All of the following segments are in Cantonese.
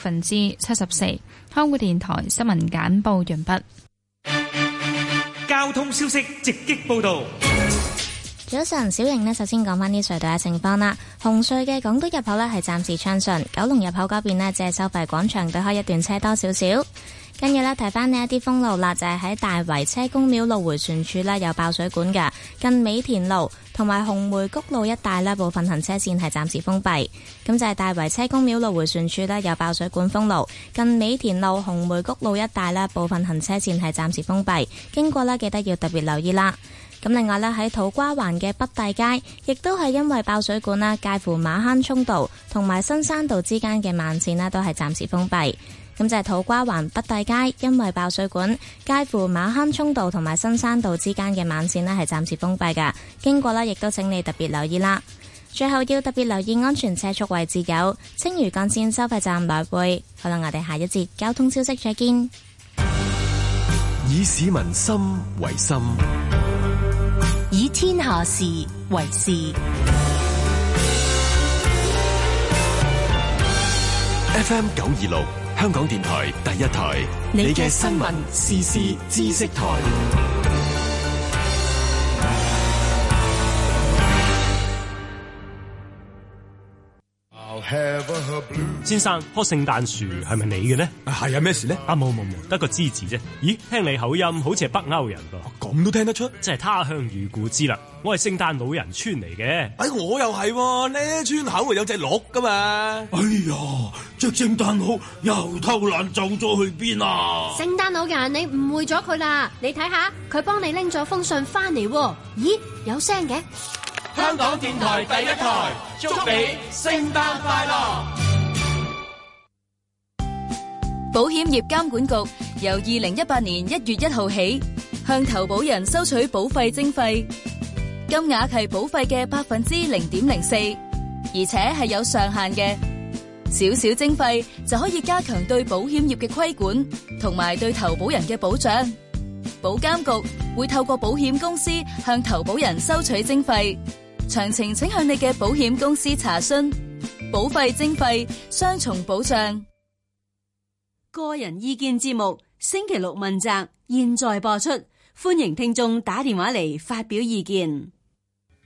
分之七十四。香港電台新聞簡報完畢。交通消息直擊報道。早晨，小瑩呢，首先講翻啲隧道嘅情況啦。紅隧嘅港島入口呢，係暫時暢順，九龍入口嗰邊呢，只係收費廣場對開一段車多少少。跟住咧，睇返呢一啲封路啦，就係喺大圍車公廟路回旋處呢，有爆水管嘅，近美田路同埋紅梅谷路一帶呢部分行車線係暫時封閉。咁就係大圍車公廟路回旋處呢，有爆水管封路，近美田路紅梅谷路一帶呢部分行車線係暫時封閉。經過呢，記得要特別留意啦。咁另外呢，喺土瓜灣嘅北大街，亦都係因為爆水管啦，介乎馬坑涌道同埋新山道之間嘅慢線呢都係暫時封閉。咁就係、是、土瓜灣北帝街因為爆水管，介乎馬坑涌道同埋新山道之間嘅晚線咧係暫時封閉嘅，經過呢，亦都請你特別留意啦。最後要特別留意安全車速位置有青嶼幹線收費站來回。好啦，我哋下一節交通消息再見。以市民心為心，以天下事為事。F M 九二六。香港電台第一台，你嘅新聞時事知識台。先生，棵聖誕樹係咪你嘅咧？係啊，咩事咧？啊，冇冇冇，得、啊、個支持啫。咦，聽你口音好似係北歐人噶，咁都聽得出，真係他鄉遇故知啦。我係聖誕老人村嚟嘅，哎，我又係、啊，呢村口有隻鹿噶嘛。哎呀，隻聖誕鹿又偷懶走咗去邊啊？聖誕老人，你誤會咗佢啦。你睇下，佢幫你拎咗封信翻嚟、啊。咦，有聲嘅。香港電台第一台，祝你聖誕快樂！保險業監管局由二零一八年一月一號起，向投保人收取保費徵費，金額係保費嘅百分之零點零四，而且係有上限嘅。少少徵費就可以加強對保險業嘅規管，同埋對投保人嘅保障。保監局會透過保險公司向投保人收取徵費。詳情請向你嘅保險公司查詢，保費徵費，雙重保障。個人意見節目星期六問責，現在播出，歡迎聽眾打電話嚟發表意見。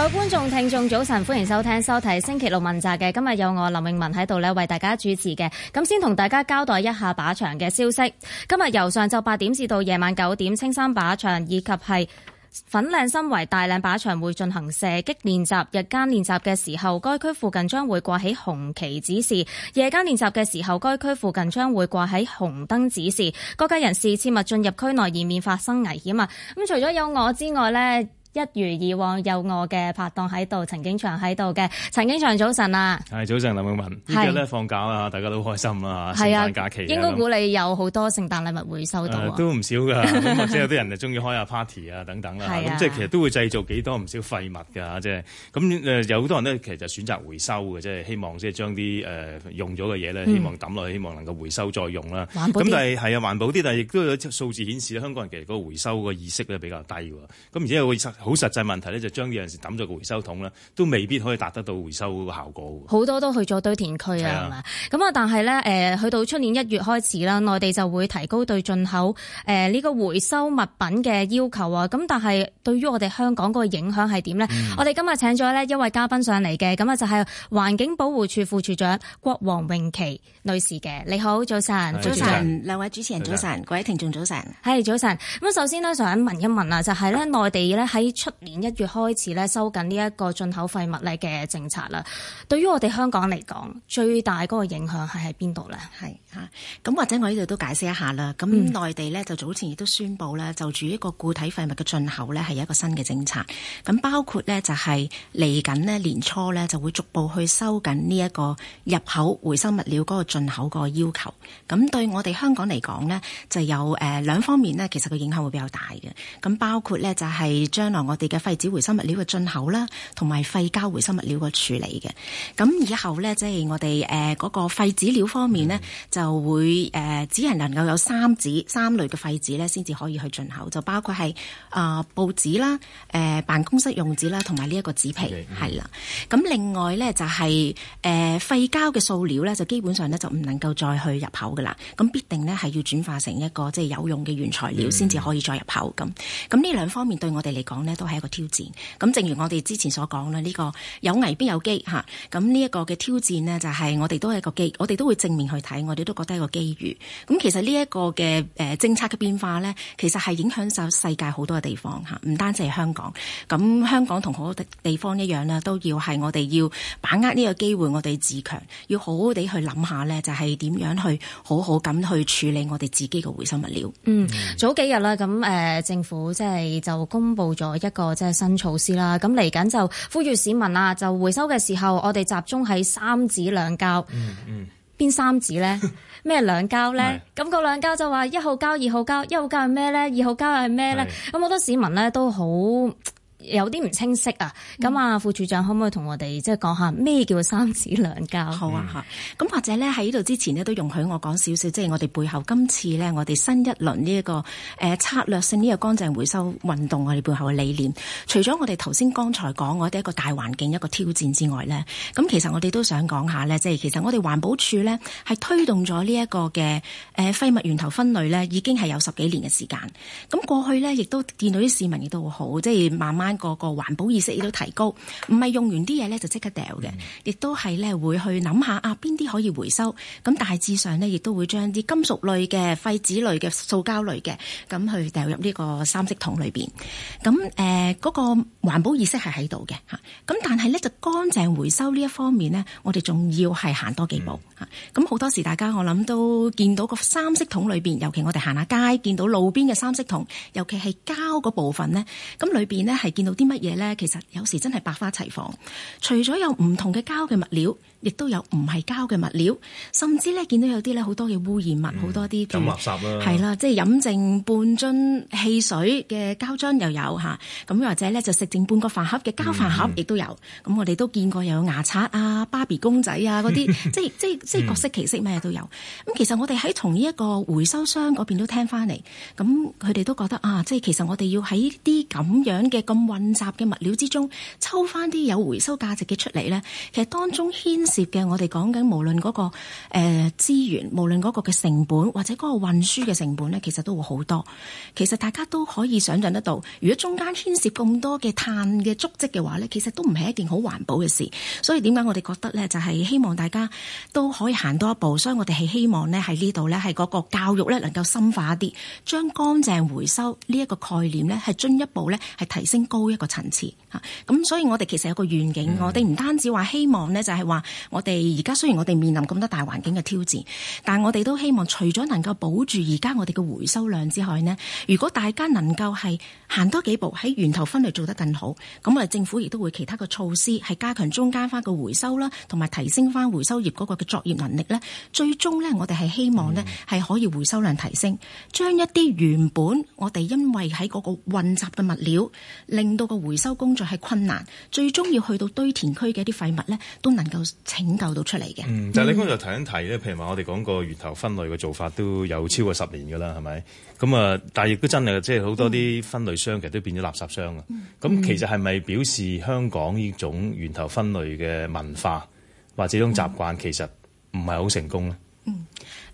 各位觀眾、聽眾，早晨，歡迎收聽收睇星期六問責嘅今日有我林詠雯喺度呢，為大家主持嘅。咁先同大家交代一下靶場嘅消息。今日由上晝八點至到夜晚九點，青山靶場以及係粉嶺新圍大嶺靶場會進行射擊練習。日間練習嘅時候，該區附近將會掛起紅旗指示；夜間練習嘅時候，該區附近將會掛起紅燈指示。各界人士切勿進入區內，以免發生危險啊！咁除咗有我之外呢。一如以往有我嘅拍檔喺度，陳景祥喺度嘅。陳景祥，陳景祥早晨啊，係早晨林詠雯。而家放假啦，大家都好開心啦。係啊，假期應該估你有好多聖誕禮物回收到，嗯、都唔少㗎、 啊。即係有啲人啊，中意開下 party 啊等等啦。即係其實都會製造幾多唔少廢物㗎。即係咁誒，有好多人呢，其實就選擇回收嘅，即係希望即係將啲誒、呃、用咗嘅嘢呢，嗯，希望抌落去，希望能夠回收再用啦。環保啲，係但但啊，環保啲，但係亦都有數字顯示香港人其實個回收個意識咧比較低喎。咁而且又會好實際問題咧，就將啲嘢時抌咗個回收桶啦，都未必可以達得到回收個效果。好多都去咗堆填區啊，係嘛？咁啊，但係咧，去、呃、到出年一月開始啦，內地就會提高對進口呢、呃這個回收物品嘅要求啊。咁但係對於我哋香港個影響係點咧？嗯、我哋今日請咗呢一位嘉賓上嚟嘅，咁啊就係、是、環境保護署副署長郭黃穎琦女士嘅。你好，早晨，早晨，兩位主持人早，早晨，各位聽眾早，早晨。係，早晨。咁首先呢，想問一問啊，就係咧，內地咧喺出年一月開始咧，收緊呢一個進口廢物咧嘅政策啦。對於我哋香港嚟講，最大嗰個影響係喺邊度呢？係嚇咁，或者我呢度都解釋一下啦。咁內地咧就早前亦都宣布啦，就住一個固體廢物嘅進口咧係一個新嘅政策。咁包括呢，就係嚟緊咧年初咧就會逐步去收緊呢一個入口回收物料嗰個進口個要求。咁對我哋香港嚟講呢，就有誒兩方面呢，其實個影響會比較大嘅。咁包括呢，就係將來。我哋嘅廢紙回收物料嘅進口啦，同埋廢膠回收物料嘅處理嘅。咁以後咧，即、就、係、是、我哋誒嗰個廢紙料方面呢，嗯、就會誒只係能夠有三紙三類嘅廢紙咧，先至可以去進口。就包括係誒、呃、報紙啦，誒、呃、辦公室用紙啦，同埋呢一個紙皮係啦。咁、Okay, 嗯、另外咧就係誒廢膠嘅塑料咧，就基本上咧就唔能夠再去入口噶啦。咁必定咧係要轉化成一個即係、就是、有用嘅原材料，先至可以再入口咁。咁呢兩方面對我哋嚟講，都係一個挑戰，咁正如我哋之前所講啦，呢個有危必有機吓，咁呢一個嘅挑戰呢，就係我哋都係一個機，我哋都會正面去睇，我哋都覺得一個機遇。咁其實呢一個嘅誒政策嘅變化呢，其實係影響咗世界好多嘅地方吓，唔單止係香港。咁香港同好多地方一樣啦，都要係我哋要把握呢個機會，我哋自強，要好好地去諗下呢，就係點樣去好好咁去處理我哋自己嘅回收物料。嗯，早幾日啦，咁誒政府即係就公布咗。一個即係新措施啦，咁嚟緊就呼籲市民啊，就回收嘅時候，我哋集中喺三紙兩膠。嗯嗯，邊三紙咧？咩 兩膠咧？咁、咁個兩膠就話一號膠、二號膠，一號膠係咩咧？二號膠係咩咧？咁好多市民咧都好。有啲唔清晰啊！咁啊，副署長可唔可以同我哋即係講下咩叫三紙兩膠好啊！吓，咁或者咧喺呢度之前咧都容許我講少少，即係我哋背後今次咧我哋新一輪呢一個誒策略性呢個乾淨回收運動我哋背後嘅理念。除咗我哋頭先剛才講我哋一個大環境一個挑戰之外咧，咁其實我哋都想講下咧，即係其實我哋環保署咧係推動咗呢一個嘅誒廢物源頭分類咧，已經係有十幾年嘅時間。咁過去咧亦都見到啲市民亦都好，即係慢慢。個個環保意識亦都提高，唔係用完啲嘢咧就即刻掉嘅，亦、嗯、都係咧會去諗下啊邊啲可以回收，咁大致上少咧亦都會將啲金屬類嘅廢紙類嘅塑膠類嘅咁去掉入呢個三色桶裏邊，咁誒嗰個環保意識係喺度嘅吓，咁但係咧就乾淨回收呢一方面呢，我哋仲要係行多走幾步吓，咁好多時大家我諗都見到個三色桶裏邊，尤其我哋行下街見到路邊嘅三色桶，尤其係膠個部分呢。咁裏邊呢，係。見到啲乜嘢咧？其實有時真係百花齊放，除咗有唔同嘅膠嘅物料，亦都有唔係膠嘅物料，甚至咧見到有啲咧好多嘅污染物，好、嗯、多啲咁垃圾啦，係啦、啊，即係飲剩半樽汽水嘅膠樽又有吓，咁、啊、或者咧就食剩半個飯盒嘅膠飯盒亦都有。咁、嗯嗯、我哋都見過有牙刷啊、芭比公仔啊嗰啲， 即係即係即係各式其式，咩嘢都有。咁其實我哋喺從呢一個回收商嗰邊都聽翻嚟，咁佢哋都覺得啊，即係其實我哋要喺啲咁樣嘅咁。混雜嘅物料之中，抽翻啲有回收價值嘅出嚟咧，其實當中牽涉嘅我哋講緊，無論嗰個誒資源，無論嗰個嘅成本，或者嗰個運輸嘅成本咧，其實都會好多。其實大家都可以想象得到，如果中間牽涉咁多嘅碳嘅足跡嘅話咧，其實都唔係一件好環保嘅事。所以點解我哋覺得咧，就係希望大家都可以行多一步。所以我哋係希望咧喺呢度咧，係個個教育咧能夠深化一啲，將乾淨回收呢一個概念咧係進一步咧係提升乾高一個層次，咁所以我哋其實有個願景，我哋唔單止話希望呢，就係話我哋而家雖然我哋面臨咁多大環境嘅挑戰，但我哋都希望除咗能夠保住而家我哋嘅回收量之外，呢如果大家能夠係行多幾步，喺源頭分類做得更好，咁我哋政府亦都會其他嘅措施，係加強中間翻個回收啦，同埋提升翻回收業嗰個嘅作業能力。呢最終呢，我哋係希望呢係可以回收量提升，將一啲原本我哋因為喺嗰個混雜嘅物料令令到個回收工作係困難，最終要去到堆填區嘅一啲廢物咧，都能夠拯救到出嚟嘅。嗯，就是，你頭先就提一提咧，譬如話我哋講個源頭分類嘅做法都有超過十年噶啦，係咪？咁啊，但係亦都真係，即係好多啲分類商其實都變咗垃圾商啊。咁，嗯、其實係咪表示香港呢種源頭分類嘅文化或者這種習慣其實唔係好成功咧？嗯。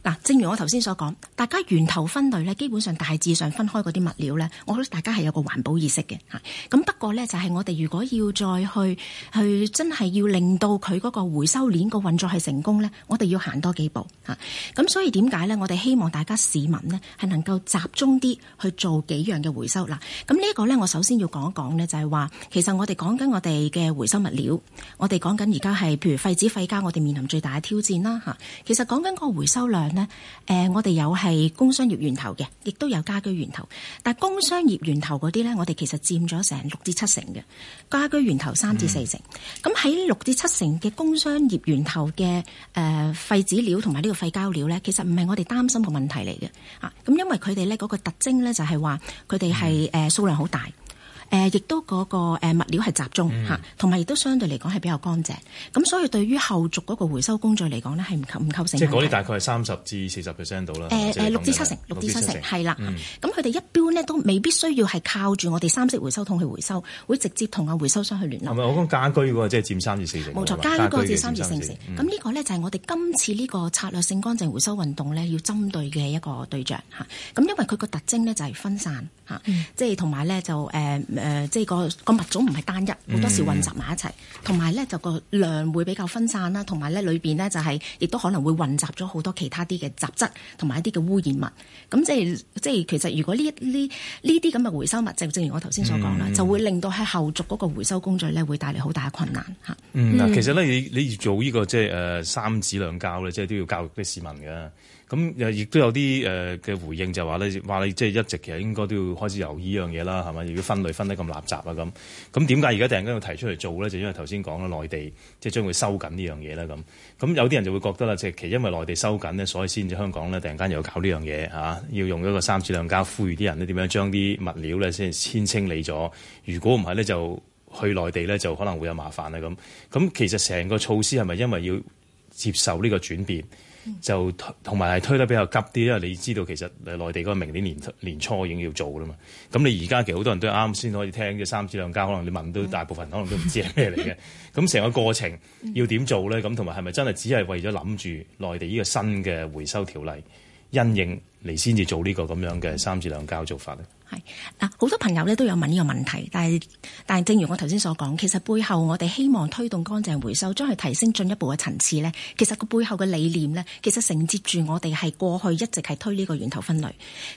嗱，正如我頭先所講，大家源頭分類咧，基本上大致上分開嗰啲物料咧，我覺得大家係有個環保意識嘅嚇。咁不過咧，就係我哋如果要再去去真係要令到佢嗰個回收鏈個運作係成功咧，我哋要行多幾步嚇。咁所以點解咧？我哋希望大家市民呢係能夠集中啲去做幾樣嘅回收。嗱，咁呢一個咧，我首先要講一講咧，就係話其實我哋講緊我哋嘅回收物料，我哋講緊而家係譬如廢紙、廢膠，我哋面臨最大嘅挑戰啦嚇。其實講緊個回收量。咧，誒，我哋有係工商業源頭嘅，亦都有家居源頭。但係工商業源頭嗰啲呢，我哋其實佔咗成六至七成嘅，家居源頭三至四成。咁、嗯、喺六至七成嘅工商業源頭嘅誒廢紙料同埋呢個廢膠料呢，其實唔係我哋擔心嘅問題嚟嘅啊。咁因為佢哋呢嗰個特徵呢，就係話，佢哋係誒數量好大。誒、呃，亦都嗰個物料係集中吓同埋亦都相對嚟講係比較乾淨，咁所以對於後續嗰個回收工序嚟講呢係唔構唔成。即係嗰啲大概係三十至四十 percent 到啦。六、呃呃、至七成，六至七成係啦。咁佢哋一般呢都未必需要係靠住我哋三色回收桶去回收，會直接同阿回收商去聯絡。唔係，我講家居個即係佔三至四成。冇錯，家居嗰、嗯、個係三至四成。咁呢個呢就係我哋今次呢個策略性乾淨回收運動呢要針對嘅一個對象咁因為佢個特徵呢就係分散即係同埋呢就、呃誒，即係個物種唔係單一，好多時混雜埋一齊，同埋咧就個量會比較分散啦，同埋咧裏面咧就係，亦都可能會混雜咗好多其他啲嘅雜質，同埋一啲嘅污染物。咁即係即係其實，如果呢一呢呢啲咁嘅回收物質，正如我頭先所講啦，嗯，就會令到喺後續嗰個回收工序咧，會帶嚟好大嘅困難嚇。嗯，嗱，其實咧，你你要做呢個即係三紙兩膠咧，即係都要教育啲市民嘅。咁亦都有啲誒嘅回應就係話咧，話你即係一直其實應該都要開始由依樣嘢啦，係咪？要分類分得咁垃圾啊咁。咁點解而家突然間要提出嚟做咧？就因為頭先講嘅，內地即係將會收緊呢樣嘢啦咁。咁有啲人就會覺得啦，即係其實因為內地收緊咧，所以先至香港咧突然間又要搞呢樣嘢嚇，要用一個三紙兩膠呼籲啲人咧點樣將啲物料咧先先清理咗。如果唔係咧就去內地咧就可能會有麻煩啦咁。咁其實成個措施係咪因為要接受呢個轉變？就同埋係推得比較急啲，因為你知道其實誒內地嗰個明年年初年初已經要做啦嘛。咁你而家其實好多人都啱先可以聽嘅「三紙兩膠」，可能你問都大部分 可能都唔知係咩嚟嘅。咁成個過程要點做咧？咁同埋係咪真係只係為咗諗住內地呢個新嘅回收條例因應嚟先至做呢個咁樣嘅「三紙兩膠」做法咧？好多朋友咧都有問呢個問題，但係但係，正如我頭先所講，其實背後我哋希望推動乾淨回收，將係提升進一步嘅層次呢。其實個背後嘅理念呢，其實承接住我哋係過去一直係推呢個源頭分類，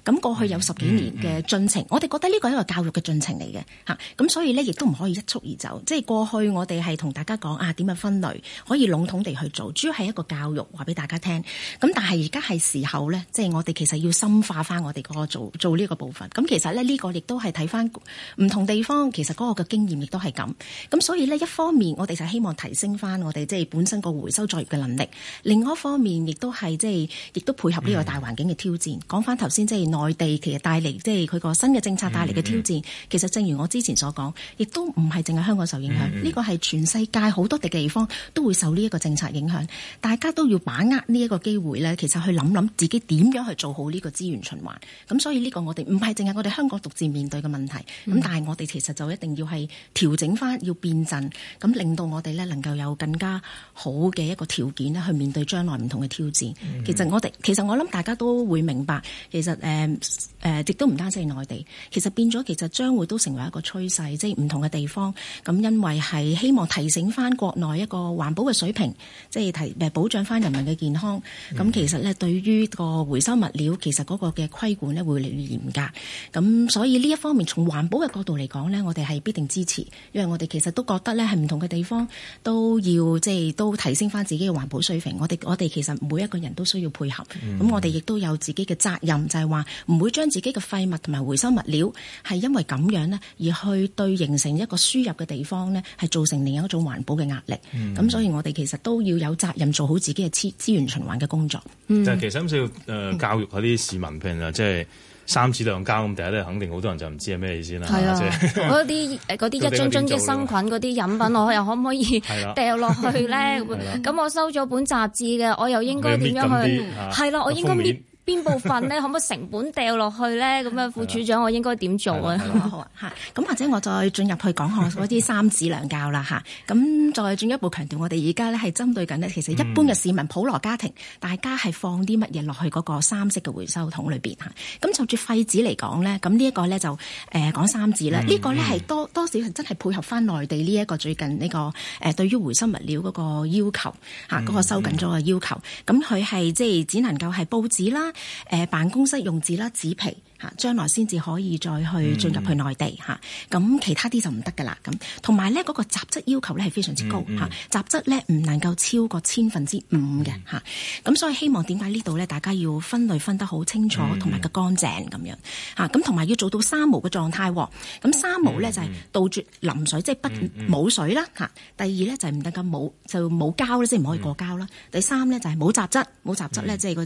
咁過去有十幾年嘅進程，嗯嗯嗯、我哋覺得呢個係一個教育嘅進程嚟嘅吓，咁所以呢，亦都唔可以一蹴而就，即係過去我哋係同大家講啊，點樣分類可以籠統地去做，主要係一個教育，話俾大家聽。咁但係而家係時候呢，即係我哋其實要深化翻我哋個做做呢個部分。咁其實。呢、這個亦都係睇翻唔同地方，其實嗰個嘅經驗亦都係咁。咁所以呢，一方面我哋就希望提升翻我哋即係本身個回收作業嘅能力，另外一方面亦都係即係亦都配合呢個大環境嘅挑戰。講翻頭先，即係內地其實帶嚟，即係佢個新嘅政策帶嚟嘅挑戰、嗯嗯嗯。其實正如我之前所講，亦都唔係淨係香港受影響，呢、嗯嗯這個係全世界好多地嘅地方都會受呢一個政策影響。大家都要把握呢一個機會呢，其實去諗諗自己點樣去做好呢個資源循環。咁所以呢個我哋唔係淨係我哋，香港獨自面對嘅問題，咁但係我哋其實就一定要係調整翻，要變陣，咁令到我哋咧能夠有更加好嘅一個條件咧去面對將來唔同嘅挑戰。mm -hmm. 其。其實我哋其實我諗大家都會明白，其實誒誒，亦都唔單止係內地，其實變咗其實將會都成為一個趨勢，即係唔同嘅地方。咁因為係希望提醒翻國內一個環保嘅水平，即係提誒保障翻人民嘅健康。咁、mm -hmm. 其實咧對於個回收物料，其實嗰個嘅規管咧會越嚟越嚴格。咁所以呢一方面，從環保嘅角度嚟講咧，我哋係必定支持，因為我哋其實都覺得咧係唔同嘅地方都要即係都提升翻自己嘅環保水平。我哋我哋其實每一個人都需要配合，咁我哋亦都有自己嘅責任，就係話唔會將自己嘅廢物同埋回收物料係因為咁樣咧而去對形成一個輸入嘅地方咧係造成另一種環保嘅壓力。咁、嗯、所以我哋其實都要有責任做好自己嘅資資源循環嘅工作。但、嗯就係、其實，咁需要誒教育嗰啲市民啊，即、嗯、係。就係三紙兩膠咁，第一咧肯定好多人就唔知係咩意思啦。係啊，嗰啲誒啲一樽樽益生菌嗰啲飲品，我又可唔可以掉落去咧？咁、啊 啊、我收咗本雜誌嘅，我又應該點樣去？係啦、 啊，我應該搣。邊 部分咧，可唔可以成本掉落去咧？咁啊，副署長，我應該點做啊？咁 或者我再進入去講下嗰啲三紙兩膠啦，咁 再進一步強調，我哋而家咧係針對緊呢，其實一般嘅市民、嗯、普羅家庭，大家係放啲乜嘢落去嗰個三色嘅回收桶裏面。咁就住廢紙嚟講咧，咁呢一個咧就誒講三紙啦。呢、嗯這個咧係多多少係真係配合翻內地呢一個最近呢、這個誒對於回收物料嗰個要求嗰個收緊咗個要求。咁佢係即係只能夠係報紙啦。辦公室用紙啦，紙皮。將來先至可以再去進入去內地咁、嗯啊、其他啲就唔得噶啦。咁同埋咧嗰個雜質要求咧係非常之高嚇、嗯嗯啊，雜質咧唔能夠超過千分之五嘅咁、嗯啊、所以希望點解呢度咧大家要分類分得好清楚，同埋個乾淨咁樣咁同埋要做到三無嘅狀態喎。咁、啊、三無咧、嗯、就係、是、杜絕淋水，即、就、係、是、不冇、嗯嗯、水啦、啊、第二咧就係唔得咁冇就冇膠即係唔可以過膠啦、嗯。第三咧就係、是、冇雜質，冇雜質咧、嗯、即係嗰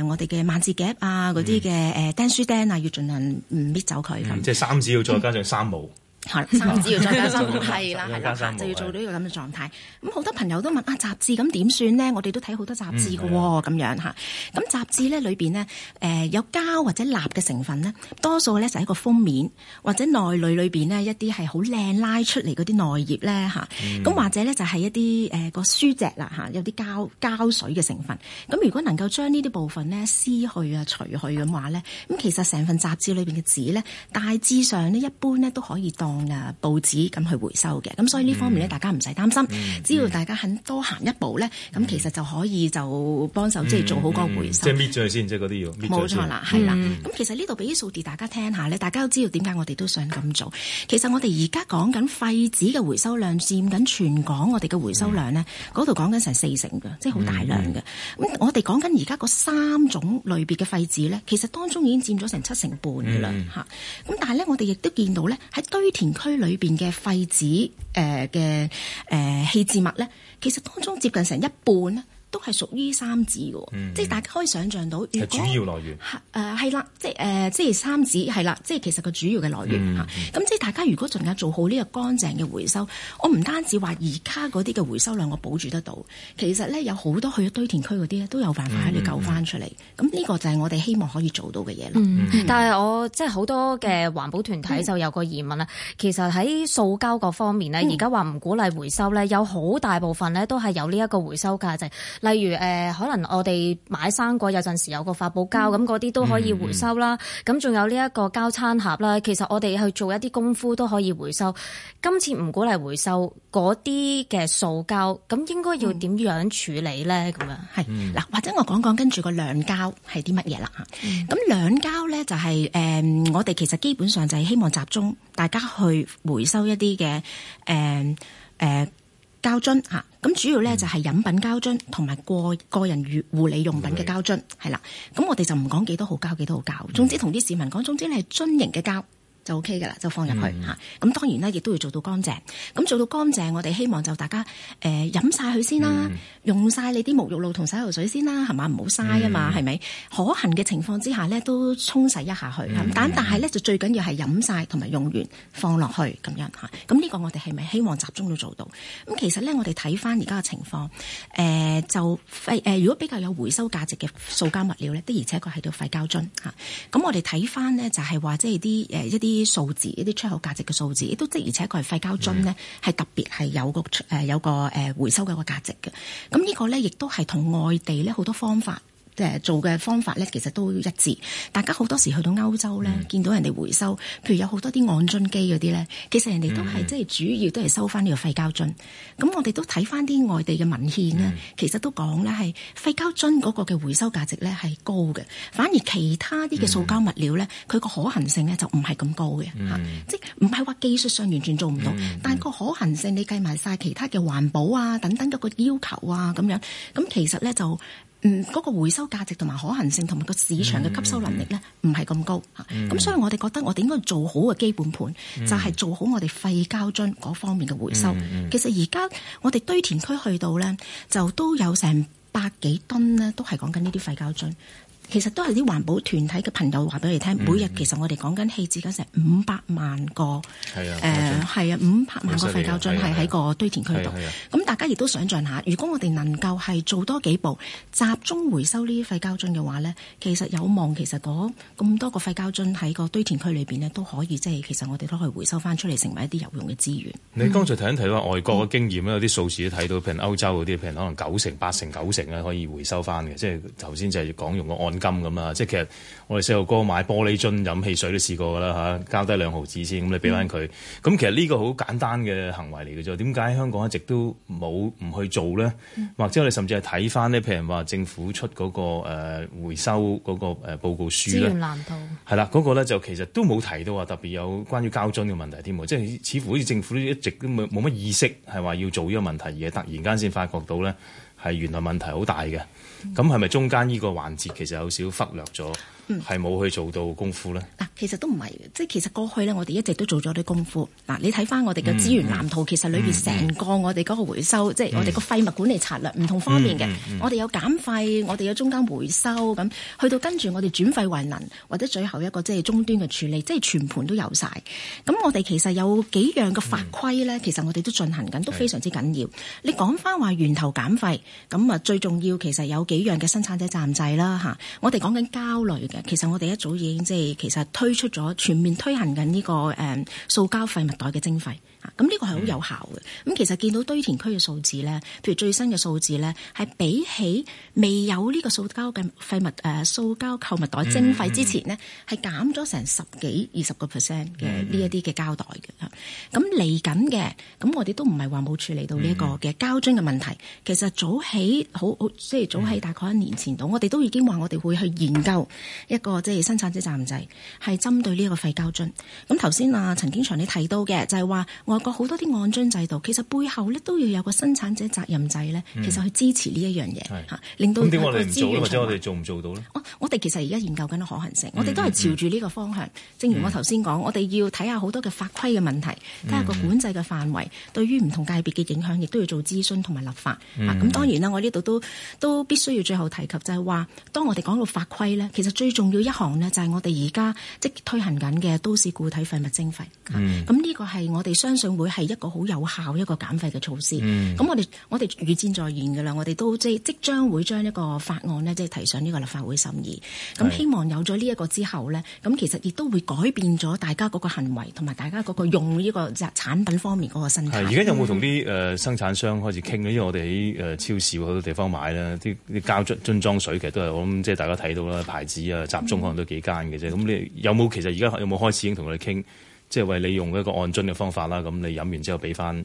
啲我哋嘅萬字夾啊，嗰啲嘅咧要盡量唔搣走佢咁、嗯，即係三紙要再加上三毛。嗯係， 三紙要再加三毫，係啦，係啦，就要做到呢個咁嘅狀態。咁好多朋友都問「啊，雜誌咁點算呢？」我哋都睇好多雜誌嘅喎，咁、嗯、樣嚇。咁雜誌咧裏邊呢，誒、呃、有膠或者蠟嘅成分呢，多數咧就係一個封面或者內裏裏邊呢一啲係好靚拉出嚟嗰啲內頁咧嚇。咁、啊嗯、或者咧就係一啲誒個書籍啦嚇、啊，有啲膠膠水嘅成分。咁如果能夠將呢啲部分呢撕去啊、除去咁話咧，咁其實成份雜誌裏邊嘅紙咧，大致上呢一般咧都可以當。啊！報紙咁去回收嘅，咁所以呢方面咧，大家唔使擔心、嗯。只要大家肯多行一步呢，咁、嗯、其實就可以就幫手即係做好個回收。即係搣咗先，即係嗰啲要。冇錯啦，係、嗯、啦。咁其實呢度俾啲數字大家聽下咧，大家都知道點解我哋都想咁做。其實我哋而家講緊廢紙嘅回收量佔緊全港我哋嘅回收量呢，嗰度講緊成四成嘅，即係好大量嘅。咁、嗯嗯、我哋講緊而家嗰三種類別嘅廢紙呢，其實當中已經佔咗成七成半嘅啦，嚇、嗯。咁但係呢，我哋亦都見到呢。喺堆填區裏邊嘅廢紙誒嘅誒棄置物咧，其實當中接近成一半咧。都係屬於三紙嘅、嗯嗯，即係大家可以想像到。主要來源。誒係啦，即係誒即係三紙係啦，即係、就是、其實個主要嘅來源。咁、嗯嗯、即係大家如果盡量做好呢個乾淨嘅回收，我唔單止話而家嗰啲嘅回收量我保住得到，其實咧有好多去咗堆填區嗰啲咧都有辦法喺度救翻出嚟。咁、嗯、呢、嗯、個就係我哋希望可以做到嘅嘢啦。但係我即係好多嘅環保團體就有個疑問啦、嗯，其實喺塑膠各方面咧，而家話唔鼓勵回收咧，有好大部分咧都係有呢一個回收價值。例如誒、呃，可能我哋買生果有陣時有個發泡膠咁，嗰、嗯、啲都可以回收啦。咁、嗯、仲有呢一個膠餐盒啦。其實我哋去做一啲功夫都可以回收。今次唔鼓勵回收嗰啲嘅塑膠，咁應該要點樣處理呢？咁樣係嗱，或者我講講跟住個兩膠係啲乜嘢啦嚇。咁、嗯、兩膠呢、就是，就係誒，我哋其實基本上就係希望集中大家去回收一啲嘅誒膠樽，咁主要咧就係飲品膠樽同埋個個人與護理用品嘅膠樽係啦，咁我哋就唔講幾多號膠幾多號膠，總之同啲市民講，總之呢係樽型嘅膠。就 OK 嘅啦，就放入去吓，咁、嗯啊、當然啦亦都要做到乾淨。咁做到乾淨，我哋希望就大家誒飲晒佢先啦、啊嗯，用晒你啲沐浴露同洗頭水先啦、啊，係嘛？唔好嘥啊嘛，係咪？可行嘅情況之下咧，都沖洗一下佢、嗯。但但係咧，就最緊要係飲晒同埋用完放落去咁樣吓，咁、啊、呢個我哋係咪希望集中到做到？咁其實咧，我哋睇翻而家嘅情況誒、呃、就廢誒、呃呃、如果比較有回收價值嘅塑膠物料咧，的而且確係叫廢膠樽吓，咁、啊、我哋睇翻咧，就係話即係啲誒一啲。呃啲數字，一啲出口價值嘅數字，亦都即而且佢係廢膠樽咧，係、yeah。特別係有個誒，有個誒回收嘅個價值嘅。咁呢個咧，亦都係同外地咧好多方法。誒做嘅方法咧，其實都一致。大家好多時去到歐洲咧、嗯，見到人哋回收，譬如有好多啲按樽機嗰啲咧，其實人哋都係即係主要都係收翻呢個廢膠樽。咁我哋都睇翻啲外地嘅文獻咧、嗯，其實都講咧係廢膠樽嗰個嘅回收價值咧係高嘅，反而其他啲嘅塑膠物料咧，佢、嗯、個可行性咧就唔係咁高嘅、嗯啊、即係唔係話技術上完全做唔到，嗯、但個可行性你計埋晒其他嘅環保啊等等嗰個要求啊咁樣，咁其實咧就。嗯，嗰、那個回收價值同埋可行性同埋個市場嘅吸收能力咧，唔係咁高嚇。咁所以我哋覺得我哋應該做好嘅基本盤，就係做好我哋廢膠樽嗰方面嘅回收。嗯嗯嗯、其實而家我哋堆填區去到咧，就都有成百幾噸咧，都係講緊呢啲廢膠樽。其實都係啲環保團體嘅朋友話俾你聽，每日其實我哋講緊棄置緊成五百萬個，誒係啊，五百萬個廢膠樽係喺個堆填區度。咁、嗯、大家亦都想像下，如果我哋能夠係做多幾步集中回收呢啲廢膠樽嘅話呢，其實有望，其實嗰咁多個廢膠樽喺個堆填區裏面呢，都可以即係其實我哋都可以回收翻出嚟成為一啲有用嘅資源。你剛才提一提話外國嘅經驗、嗯、有啲數字睇到，譬如歐洲嗰啲，譬如可能九成、八成、九成可以回收翻嘅，即係頭先就係講用個案例。金咁啊！即係其實我哋細路哥買玻璃樽飲汽水都試過㗎啦吓，交低兩毫子先，咁你俾翻佢。咁、嗯、其實呢個好簡單嘅行為嚟嘅啫。點解香港一直都冇唔去做咧、嗯？或者我哋甚至係睇翻咧，譬如話政府出嗰、嗰個、呃、回收嗰個誒報告書咧，係啦，嗰、嗰個咧就其實都冇提到話特別有關於膠樽嘅問題添喎。即、就、係、係、似乎好似政府一直都冇冇乜意識係話要做呢個問題，而係突然間先發覺到咧，係原來問題好大嘅。咁係咪中間呢個環節其實有少少忽略咗？係冇去做到功夫呢？嗱，其實都唔係，即係其實過去呢，我哋一直都做咗啲功夫。嗱，你睇翻我哋嘅資源藍圖，嗯嗯、其實裏邊成個我哋嗰個回收，即、嗯、係、就是、我哋個廢物管理策略唔、嗯、同方面嘅、嗯嗯，我哋有減廢，我哋有中間回收，咁去到跟住我哋轉廢為能，或者最後一個即係終端嘅處理，即、就、係、是、全盤都有晒。咁我哋其實有幾樣嘅法規呢、嗯？其實我哋都進行緊，都非常之緊要。你講翻話源頭減廢，咁啊最重要，其實有幾樣嘅生產者責任制啦吓。我哋講緊膠類嘅。其實我哋一早已經即係其實推出咗全面推行緊呢個誒塑膠廢物袋嘅徵費。咁、這、呢個係好有效嘅。咁其實見到堆填區嘅數字咧，譬如最新嘅數字咧，係比起未有呢個塑膠嘅廢物塑膠購物袋徵費之前呢，係減咗成十幾二十個 percent 嘅呢一啲嘅膠袋嘅。咁嚟緊嘅，咁我哋都唔係話冇處理到呢一個嘅膠樽嘅問題、嗯嗯。其實早起好好，即係早起大概一年前度、嗯，我哋都已經話我哋會去研究一個即係、就是、生產者責任制，係針對呢一個廢膠樽。咁頭先啊，陳景祥你睇到嘅就係、是、話。外國好多啲按樽制度，其實背後咧都要有一個生產者責任制咧、嗯，其實去支持呢一樣嘢嚇，令到、嗯、我哋資源或者我哋做唔做到咧？我哋其實而家研究緊啲可行性，嗯、我哋都係朝住呢個方向。嗯、正如我頭先講，我哋要睇下好多嘅法規嘅問題，睇下個管制嘅範圍、嗯、對於唔同界別嘅影響，亦都要做諮詢同埋立法咁、嗯嗯啊、當然啦，我呢度都都必須要最後提及就係話，當我哋講到法規咧，其實最重要一行呢，就係我哋而家即推行緊嘅都市固體廢物徵費。嗯。咁、啊、呢個係我哋相信會係一個好有效的一個減廢嘅措施。咁、嗯、我哋我哋預戰在現嘅啦，我哋都即即將會將一個法案呢，即係提上呢個立法會審議。咁希望有咗呢一個之後呢，咁其實亦都會改變咗大家嗰個行為同埋大家嗰個用呢個產品方面嗰個心態。而家有冇同啲誒生產商開始傾呢？因為我哋喺誒超市好多地方買咧，啲啲膠樽樽裝水其實都係我諗即係大家睇到啦，牌子啊集中可能都幾間嘅啫。咁、嗯、你有冇其實而家有冇開始已經同佢哋傾？即係為你用一個按樽嘅方法啦，咁你飲完之後畀翻。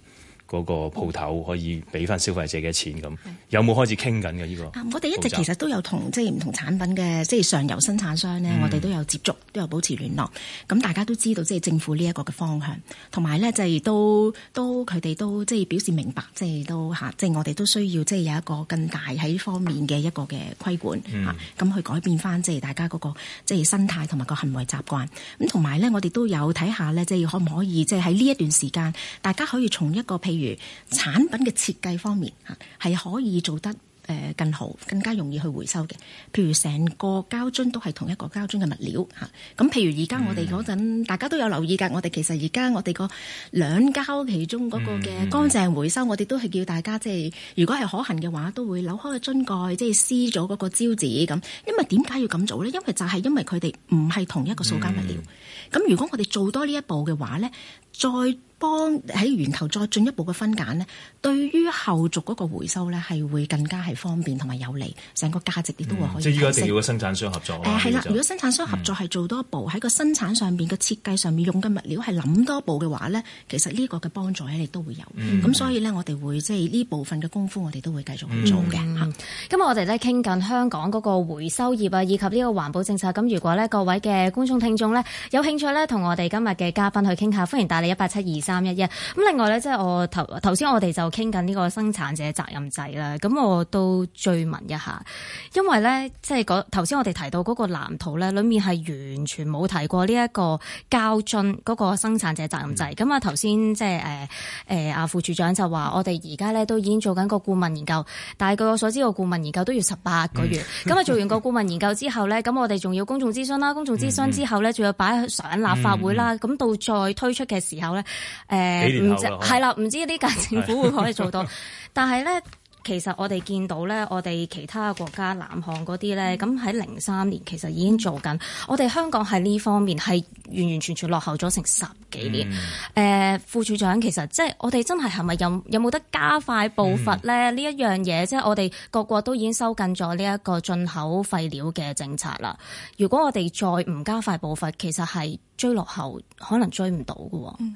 嗰、那個鋪頭可以俾翻消費者嘅錢咁、嗯，有冇開始傾緊嘅呢個？我哋一直其實都有同即係唔同產品嘅即係上游生產商呢、嗯，我哋都有接觸，都有保持聯絡。咁大家都知道即係政府呢一個嘅方向，同埋呢，即係都都佢哋都即係表示明白，即係都吓，即係我哋都需要即係有一個更大喺呢方面嘅一個嘅規管吓，咁、嗯、去改變翻即係大家嗰個即係生態同埋個行為習慣。咁同埋呢，我哋都有睇下呢，即係可唔可以即係喺呢一段時間，大家可以從一個譬如，譬如產品嘅設計方面嚇，係可以做得誒更好，更加容易去回收嘅。譬如成個膠樽都係同一個膠樽嘅物料嚇。咁譬如而家我哋嗰陣，大家都有留意㗎。我哋其實而家我哋個兩膠其中嗰個嘅乾淨回收，嗯、我哋都係叫大家即係，如果係可行嘅話，都會扭開個樽蓋，即係撕咗嗰個膠紙咁。因為點解要咁做呢？因為就係因為佢哋唔係同一個塑膠物料。咁、嗯、如果我哋做多呢一步嘅話呢，再。幫喺源頭再進一步嘅分揀咧，對於後續嗰個回收咧，係會更加係方便同埋有利，成個價值亦都會可以、嗯、即係依家一定要生產商合作。誒、嗯、啦、嗯，如果生產商合作係做多一步喺個、嗯、生產上邊、嘅設計上面用嘅物料係諗多，多一步嘅話呢，其實呢個嘅幫助喺你都會有。咁、嗯、所以呢，我哋會即係呢部分嘅功夫，我哋都會繼續去做嘅。嚇、嗯嗯！今日我哋咧傾緊香港嗰個回收業啊，以及呢個環保政策。咁如果呢各位嘅觀眾聽眾呢，有興趣呢，同我哋今日嘅嘉賓去傾下，歡迎打嚟。一八七二。三一一。咁，另外咧，即係我頭頭先，我哋就傾緊呢個生產者責任制啦。咁我都追問一下，因為咧，即係頭先我哋提到嗰個藍圖咧，裏面係完全冇提過呢一個膠樽嗰個生產者責任制。咁、嗯、啊，頭先即係誒誒，阿副署長就話，我哋而家咧都已經做緊個顧問研究，但係據我所知個顧問研究都要十八個月。咁、嗯、啊， 做完個顧問研究之後咧，咁我哋仲要公眾諮詢啦，公眾諮詢之後咧，仲要擺上立法會啦。咁、嗯、到再推出嘅時候咧。誒、呃，唔係啦，唔知呢屆政府會可以做到。 但係咧，其實我哋見到咧，我哋其他國家南韓嗰啲咧，咁喺零三年其實已經做緊、嗯。我哋香港喺呢方面係完完全全落後咗成十幾年。誒、嗯呃，副署長，其實即係我哋真係係咪有有冇得加快步伐咧？呢、嗯、一樣嘢，即係我哋各國都已經收緊咗呢一個進口廢料嘅政策啦。如果我哋再唔加快步伐，其實係追落後，可能追唔到噶。嗯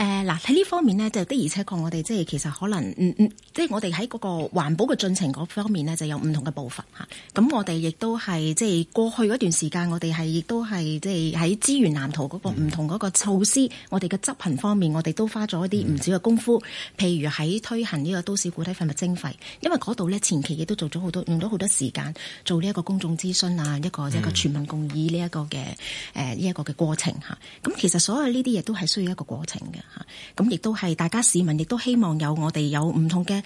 誒嗱喺呢方面呢，就的而且確我哋即係其實可能嗯嗯，即、嗯、係、就是、我哋喺嗰個環保嘅進程嗰方面呢，就有唔同嘅步伐吓。咁我哋亦都係即係過去嗰段時間，我哋係亦都係即係喺資源藍圖嗰個唔同嗰個措施，嗯、我哋嘅執行方面，我哋都花咗一啲唔少嘅功夫。嗯、譬如喺推行呢個都市固體廢物徵費，因為嗰度呢，前期亦都做咗好多，用咗好多時間做呢一個公眾諮詢啊，一個、嗯、一個全民共議呢一個嘅誒呢一個嘅過程咁、啊、其實所有呢啲嘢都係需要一個過程嘅。咁亦都係大家市民亦都希望有我哋有唔同嘅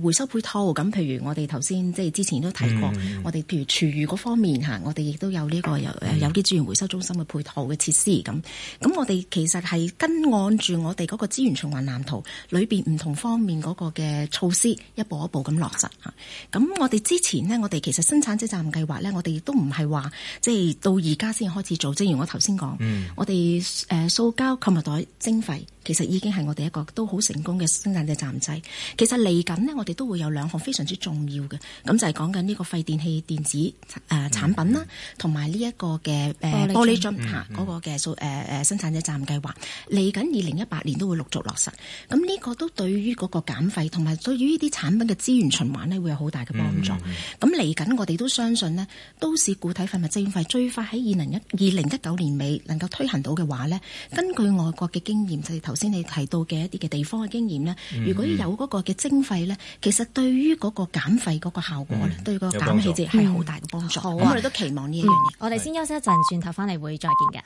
回收配套，咁譬如我哋頭先即係之前都提過，mm -hmm. 我哋譬如廚餘嗰方面我哋亦都有呢個有有機資源回收中心嘅配套嘅設施咁。咁、mm -hmm. 我哋其實係跟按住我哋嗰個資源循環藍圖裏面唔同方面嗰個嘅措施，一步一步咁落實，咁我哋之前呢，我哋其實生產者責任計劃咧，我哋亦都唔係話即係到而家先開始做，正如我頭先講，mm -hmm. 我哋誒塑膠購物袋徵費。其實已經係我哋一個都好成功嘅生產者站制。其實嚟緊呢，我哋都會有兩項非常之重要嘅，咁就係講緊呢個廢電器電子誒、呃、產品啦，同埋呢一個嘅誒、呃、玻璃樽嚇嗰個嘅數誒誒生產者站計劃。嚟緊二零一八年都會陸續落實。咁呢個都對於嗰個減廢同埋對於呢啲產品嘅資源循環咧，會有好大嘅幫助。咁嚟緊我哋都相信呢，都市固體廢物徵費最快喺二零一二零一九年尾能夠推行到嘅話呢，根據外國嘅經驗，就係頭先你提到嘅一啲嘅地方嘅經驗咧，如果有嗰個嘅徵費咧，其實對於嗰個減費嗰個效果咧，對個減氣節係好大嘅幫助。好啊，我哋都期望呢一樣嘢。我哋先休息一陣，轉頭翻嚟會再見嘅。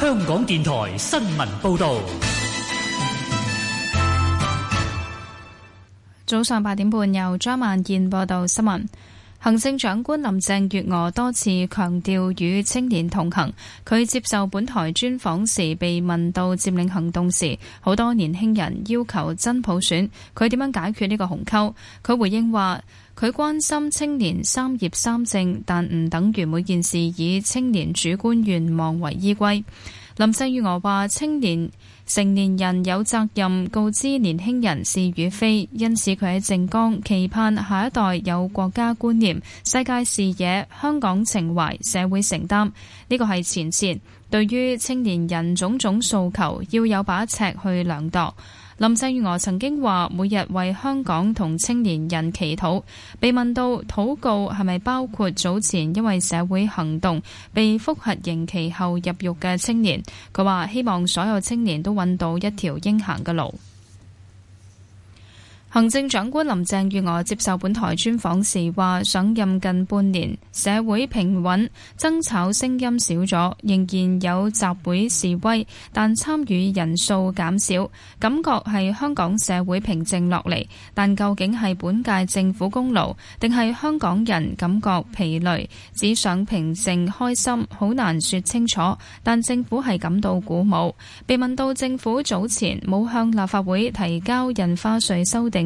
香港電台新聞報道。早上八點半，由張萬燕報道新聞。行政長官林鄭月娥多次強調與青年同行。佢接受本台專訪時，被問到佔領行動時，好多年輕人要求真普選，佢點樣解決呢個鴻溝？佢回應話：佢關心青年三業三政，但唔等於每件事以青年主觀願望為依歸。林鄭月娥話：青年。成年人有責任告知年輕人是與非，因此佢喺政綱期盼下一代有國家觀念、世界視野、香港情懷、社會承擔。呢個係前線，對於青年人種種訴求，要有把尺去量度。林鄭月娥曾經話每日為香港同青年人祈禱，被問到禱告係咪包括早前因為社會行動被覆核刑期後入獄嘅青年，佢話希望所有青年都揾到一條應行嘅路。行政長官林鄭月娥接受本台專訪時話：上任近半年，社會平穩，爭吵聲音少咗，仍然有集會示威，但參與人數減少，感覺係香港社會平靜落嚟。但究竟係本屆政府功勞，定係香港人感覺疲累，只想平靜開心，好難說清楚。但政府係感到鼓舞。被問到政府早前冇向立法會提交印花稅修訂，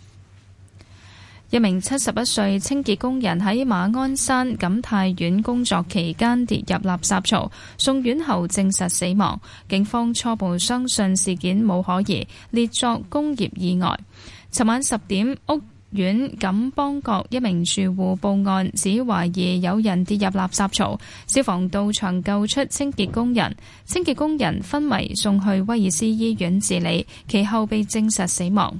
一名七十一歲清潔工人喺馬鞍山錦泰苑工作期間跌入垃圾槽，送院後證實死亡。警方初步相信事件冇可疑，列作工業意外。尋晚十點，屋苑錦邦閣一名住戶報案，指懷疑有人跌入垃圾槽，消防到場救出清潔工人，清潔工人昏迷送去威爾斯醫院治理，其後被證實死亡。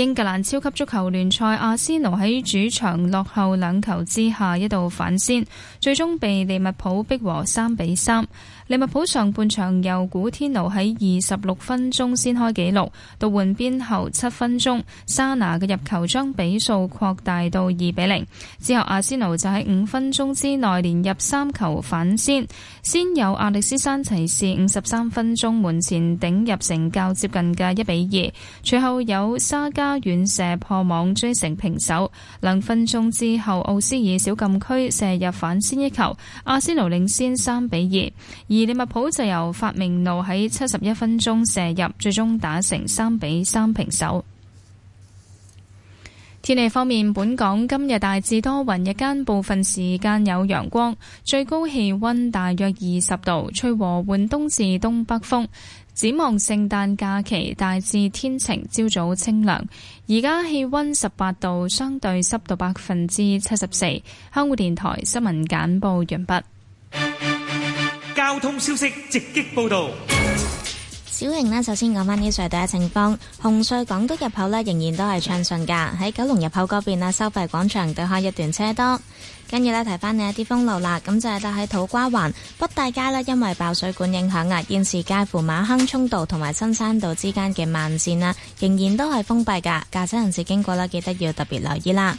英格蘭超級足球聯賽，阿仙奴喺主場落後兩球之下一度反先，最終被利物浦逼和三比三。利物浦上半場由古天奴喺二十六分鐘先開紀錄，到換邊後七分鐘，沙拿嘅入球將比數擴大到二比零。之後阿仙奴就喺五分鐘之內連入三球反先，先有阿歷斯山齊士五十三分鐘門前頂入成較接近嘅一比二，隨後有沙加遠射破網追成平手。兩分鐘之後，奧斯爾小禁區射入反先一球，阿仙奴領先三比二而利物浦就由發明路喺七十一分鐘射入，最終打成三比三平手。天氣方面，本港今日大致多雲，日間部分時間有陽光，最高氣溫大約二十度，吹和緩東至東北風。展望聖誕假期，大致天晴，朝早清涼。而家氣溫十八度，相對濕度百分之七十四。香港電台新聞簡報完畢。交通消息直擊報道。小瑩咧，首先講翻啲隧道嘅情況。紅隧港島入口咧仍然都係暢順噶。喺九龍入口嗰邊啊，收費廣場對開一段車多。跟住咧，提翻你一啲封路啦。咁就係喺土瓜灣北大街咧，因為爆水管影響啊，現時介乎馬坑涌道同埋新山道之間嘅慢線啦，仍然都係封閉噶。駕駛人士經過咧，記得要特別留意啦。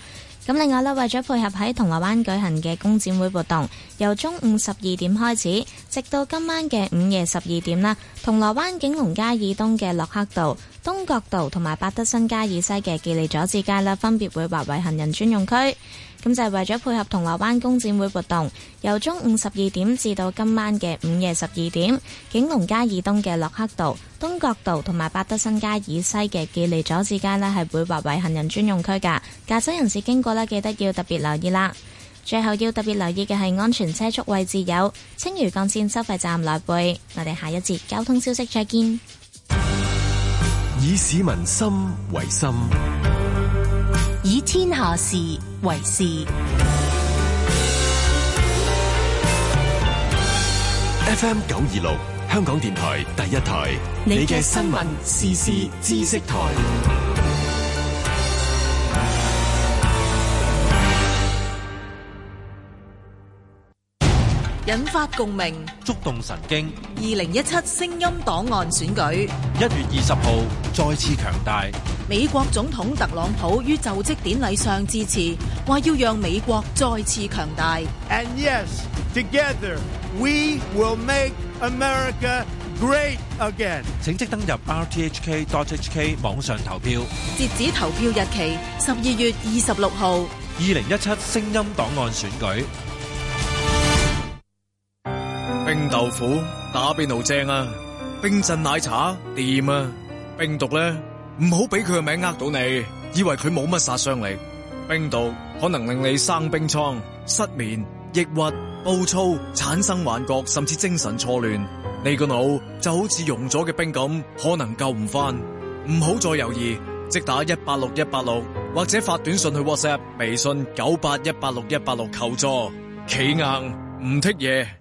咁另外呢，為咗配合喺銅鑼灣舉行嘅工展會活動，由中午十二點開始，直到今晚嘅午夜十二點啦。銅鑼灣景隆街以東嘅洛克道、東角道同埋百德新街以西嘅記利佐治街啦，分別會劃為行人專用區。咁就係為咗配合銅鑼灣公展會活動，由中午十二點至到今晚嘅午夜十二點，景隆街以東嘅洛克道、東角道同埋百德新街以西嘅記利佐治街呢，係會劃為行人專用區噶，駕駛人士經過呢，記得要特別留意啦。最後要特別留意嘅係安全車速位置有青嶼幹線收費站內背。我哋下一節交通消息再見。以市民心為心。天下事為事，FM 九二六，香港電台第一台，你嘅新聞時事知識台。引發共鳴，觸動神經。二零一七聲音檔案選舉，一月二十號再次強大。美國總統特朗普於就職典禮上致辭，話要讓美國再次強大。And yes, together we will make America great again。請即登入 rthk.hk 網上投票，截止投票日期十二月二十六號。二零一七聲音檔案選舉。豆腐打邊爐正啊，冰鎮奶茶掂啊，冰毒咧，唔好俾佢個名呃到你，以為佢冇乜殺傷力，冰毒可能令你生冰瘡、失眠、抑鬱、暴躁、產生幻覺，甚至精神錯亂。你個腦就好似融咗嘅冰咁，可能救唔返。唔好再猶豫，即打一八六一八六，或者發短信去 WhatsApp、微信九八一八六一八六求助。企硬唔剔嘢。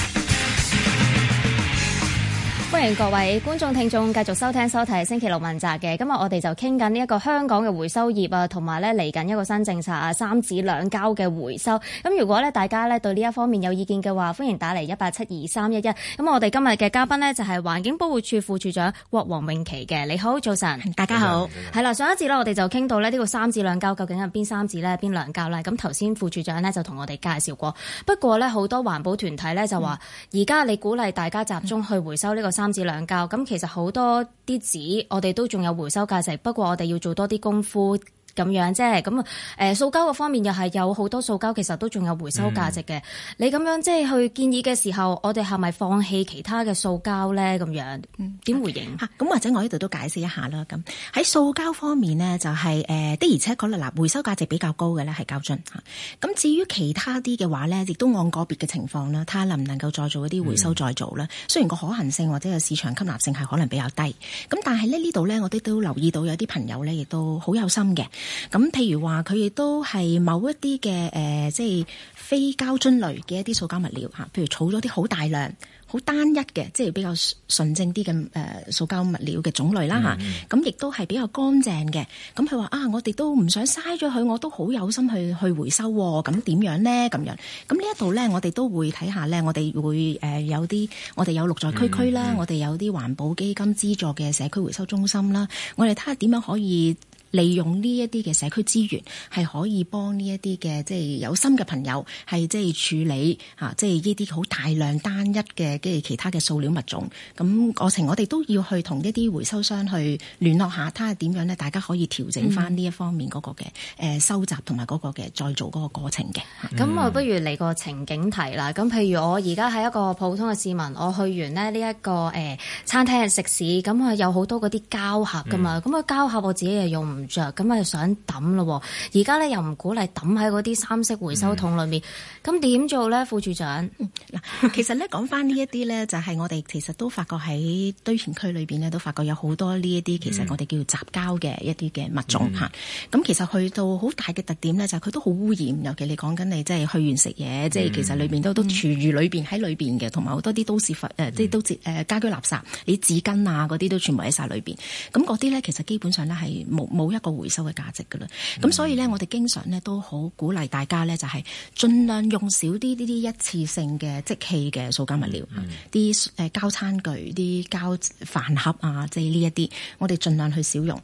歡迎各位觀眾、聽眾繼續收聽、收睇，星期六問責嘅。今日我哋就傾緊呢一個香港嘅回收業啊，同埋呢嚟緊一個新政策啊，三紙兩膠嘅回收。咁如果呢大家呢對呢一方面有意見嘅話，歡迎打嚟一八七二三一一。咁我哋今日嘅嘉賓呢，就係、是、環境保護署副署長郭黃穎琦嘅。你好，早晨，大家好。係啦，上一節我哋就傾到呢個三紙兩膠究竟係邊三紙呢？邊兩膠啦。咁頭先副署長呢，長就同我哋介紹過，不過呢，好多環保團體呢，就、嗯、話，而家你鼓勵大家集中去回收呢個三紙兩膠咁，其實好多啲紙我哋都仲有回收價值，不過我哋要做多啲功夫。咁樣啫，咁誒塑膠嘅方面又係有好多塑膠，其實都仲有回收價值嘅、嗯。你咁樣即係去建議嘅時候，我哋係咪放棄其他嘅塑膠咧？咁樣點回應嚇？咁、okay. 啊、或者我呢度都解釋一下啦。咁喺塑膠方面呢，就係誒的而且確啦，回收價值比較高嘅咧係膠樽嚇。咁至於其他啲嘅話咧，亦都按個別嘅情況啦，睇下能唔能夠再做一啲回收再做啦、嗯。雖然個可行性或者個市場吸納性係可能比較低，咁但係呢呢度咧，我哋都留意到有啲朋友咧，亦都好有心嘅。咁譬如話佢亦都係某一啲嘅誒，即係非膠樽類嘅一啲塑膠物料吓，譬如儲咗啲好大量、好單一嘅，即係比較純正啲嘅誒塑膠物料嘅種類啦吓。咁、mm、亦 -hmm. 啊、都係比較乾淨嘅。咁佢話啊，我哋都唔想嘥咗佢，我都好有心去去回收、啊。咁點樣呢？這樣」咁樣咁呢一度咧，我哋都會睇下咧，我哋會誒、呃、有啲我哋有綠在區區啦，我哋有啲環、mm -hmm. 保基金資助嘅社區回收中心啦，我哋睇下點樣可以。利用呢一啲嘅社區資源，係可以幫呢一啲嘅即係有心嘅朋友，係即係處理吓，即係呢啲好大量單一嘅即係其他嘅塑料物種，咁過程我哋都要去同一啲回收商去聯絡下，睇下點樣咧，大家可以調整翻呢一方面嗰個嘅誒收集同埋嗰個嘅再做嗰個過程嘅。咁、嗯、啊，我不如嚟個情景題啦。咁譬如我而家係一個普通嘅市民，我去完咧呢一個誒、欸、餐廳食肆，咁啊有好多嗰啲膠盒噶嘛。咁啊膠盒我自己又用唔～著咁啊，想抌咯，而家咧又唔鼓勵抌喺嗰啲三色回收桶裏面，咁、嗯、點做咧，副處長？嗱，其實咧講翻呢一啲咧， 就係我哋其實都發覺喺堆填區裏邊咧，都發覺有好多呢一啲其實我哋叫雜膠嘅一啲嘅物種嚇。咁、嗯嗯、其實去到好大嘅特點咧，就係佢都好污染，尤其你講緊你即係去完食嘢，即、嗯、係、就是、其實裏邊都、嗯、都廚餘裏邊喺裏邊嘅，同埋好多啲都市廢誒，即、嗯、係、就是、都市家居垃，垃圾，你、嗯、紙巾啊嗰啲都全部喺晒裏邊。咁嗰啲咧其實基本上咧係冇冇。一個回收嘅價值噶啦，咁所以咧，我哋經常咧都好鼓勵大家咧，就係盡量用少啲呢啲一次性嘅即棄嘅塑膠物料，啲誒膠餐具，啲膠飯盒啊，即係呢一啲，我哋盡量去少用。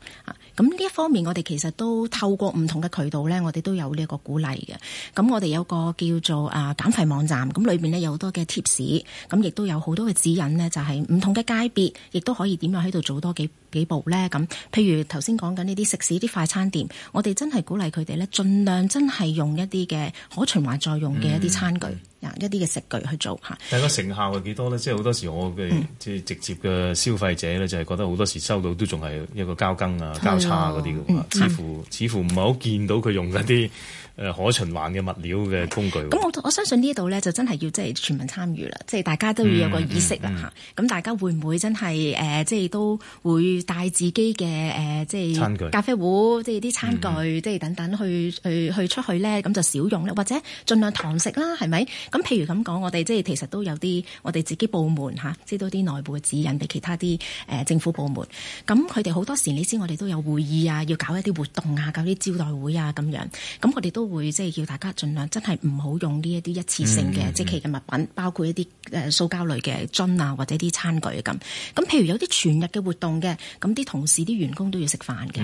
咁呢一方面，我哋其實都透過唔同嘅渠道呢，我哋都有呢個個鼓勵嘅。咁我哋有個叫做啊減廢網站，咁裏面呢有好多嘅貼士，咁亦都有好多嘅指引呢，就係、是、唔同嘅界別，亦都可以點樣喺度做多幾幾步呢。咁譬如頭先講緊呢啲食肆、啲快餐店，我哋真係鼓勵佢哋呢，盡量真係用一啲嘅可循環再用嘅一啲餐具。嗯一啲嘅食具去做，但睇個成效係幾多咧？嗯、即係好多時我嘅即係直接嘅消費者咧，就係、是、覺得好多時收到都仲係一個膠羹啊、膠叉嗰啲、嗯、似乎、嗯、似乎唔係好見到佢用一啲。誒可循環嘅物料嘅工具。咁我我相信呢度咧就真係要即係全民參與啦，即、就、係、是、大家都要有個意識啦嚇。咁、嗯嗯嗯啊、大家會唔會真係誒即係都會帶自己嘅誒即係餐具、咖啡壺，即係啲餐具，即、嗯、係等等去去去出去咧，咁就少用啦，或者盡量堂食啦，係咪？咁譬如咁講，我哋即係其實都有啲我哋自己部門嚇，知道啲內部嘅指引俾其他啲誒、呃、政府部門。咁佢哋好多時你知，我哋都有會議啊，要搞一啲活動啊，搞啲招待會啊咁樣。咁我哋都會即係叫大家盡量真係唔好用呢一啲一次性嘅、mm -hmm. 即棄嘅物品，包括一啲誒、呃、塑膠類嘅樽啊，或者啲餐具咁。咁譬如有啲全日嘅活動嘅，咁啲同事啲員工都要食飯嘅。咁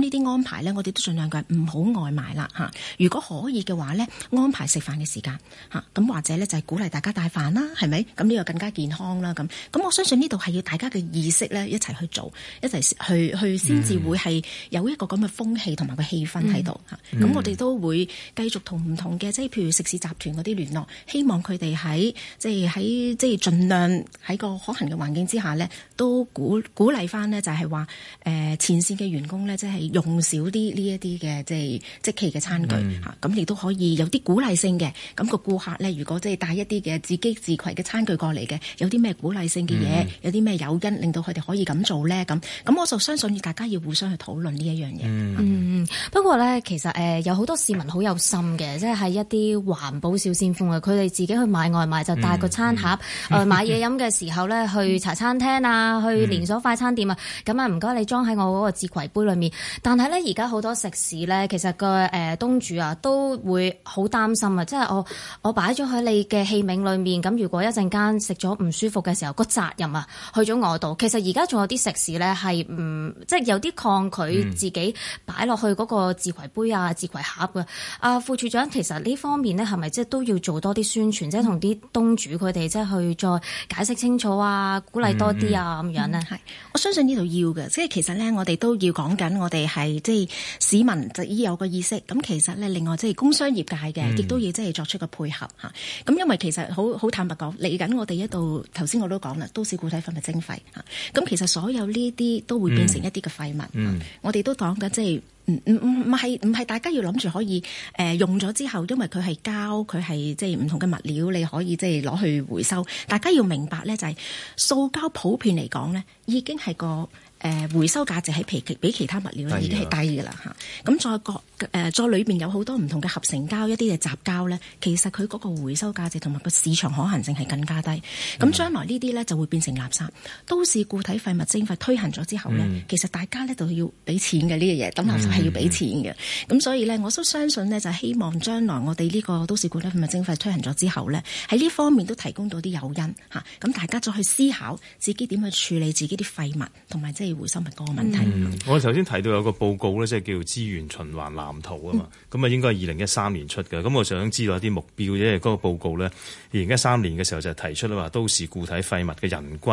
呢啲安排呢，我哋都盡量嘅，唔好外賣啦吓、啊。如果可以嘅話呢，安排食飯嘅時間吓。咁、啊、或者呢，就係、是、鼓勵大家帶飯啦，係咪？咁呢個更加健康啦。咁、啊、咁我相信呢度係要大家嘅意識呢，一齊去做，一齊去去先至會係有一個咁嘅風氣同埋個氣氛喺度吓。咁、mm -hmm. 啊、我哋都會。繼續和不同唔同嘅，即係譬如食肆集團嗰啲聯絡，希望佢哋喺即係喺即係盡量喺個可行嘅環境之下咧，都鼓鼓勵翻咧，就係話誒前綫嘅員工咧，即係用少啲呢一啲嘅即係即棄嘅餐具吓。咁、嗯、亦、啊、都可以有啲鼓勵性嘅。咁、那個顧客咧，如果即係帶一啲嘅自己自攜嘅餐具過嚟嘅，有啲咩鼓勵性嘅嘢、嗯，有啲咩誘因令到佢哋可以咁做咧？咁咁，我就相信大家要互相去討論呢一樣嘢、嗯啊嗯。不過咧，其實誒、呃、有好多市民。好有心嘅，即係一啲環保小先鋒嘅，佢哋自己去買外賣就帶個餐盒，誒、嗯嗯、買嘢飲嘅時候呢 去茶餐廳啊，去連鎖快餐店啊，咁啊唔該你裝喺我嗰個自攜杯裏面。但係呢，而家好多食肆呢，其實個誒東主啊都會好擔心啊，即係我我擺咗喺你嘅器皿裏面，咁如果一陣間食咗唔舒服嘅時候，個責任啊去咗我度。其實而家仲有啲食肆呢，係唔即係有啲抗拒自己擺落去嗰個自攜杯啊、自攜盒嘅。啊，副署長，其實呢方面咧，係咪即係都要做多啲宣傳，即係同啲東主佢哋即係去再解釋清楚啊，鼓勵多啲啊咁、嗯嗯、樣呢。係，我相信呢度要嘅，即係其實呢，我哋都要講緊，我哋係即係市民就已有個意識。咁其實呢，另外即係工商業界嘅亦、嗯、都要即係作出個配合吓。咁、啊、因為其實好好坦白講，嚟緊我哋一度頭先我都講啦，都市固體廢物徵費吓。咁、啊啊、其實所有呢啲都會變成一啲嘅廢物。嗯嗯啊、我哋都講緊即係。唔唔唔，係唔係大家要諗住可以誒用咗之後？因為佢係膠，佢係即係唔同嘅物料，你可以即係攞去回收。大家要明白咧，就是，就係塑膠普遍嚟講咧，已經係個。誒，回收價值喺比，比其他物料已經係低嘅啦嚇，咁再各誒再裏面有好多唔同嘅合成膠、一啲嘅雜膠呢，其實佢嗰個回收價值同埋個市場可行性係更加低。咁、嗯、將來呢啲呢，就會變成垃圾。都市固體廢物徵費推行咗之後呢、嗯，其實大家呢，就要俾錢嘅呢嘢，咁垃圾係要俾錢嘅。咁、嗯、所以呢，我都相信呢，就希望將來我哋呢個都市固體廢物徵費推行咗之後呢，喺呢方面都提供到啲誘因嚇，咁、啊、大家再去思考自己點去處理自己啲廢物同埋即係回收物嗰個問題、嗯、我頭先提到有個報告咧，即係叫資源循環藍圖啊嘛。咁、嗯、啊，應該係二零一三年出嘅。咁我想知道一啲目標，因為嗰個報告咧，二零一三年嘅時候就提出咧話，都市固體廢物嘅人均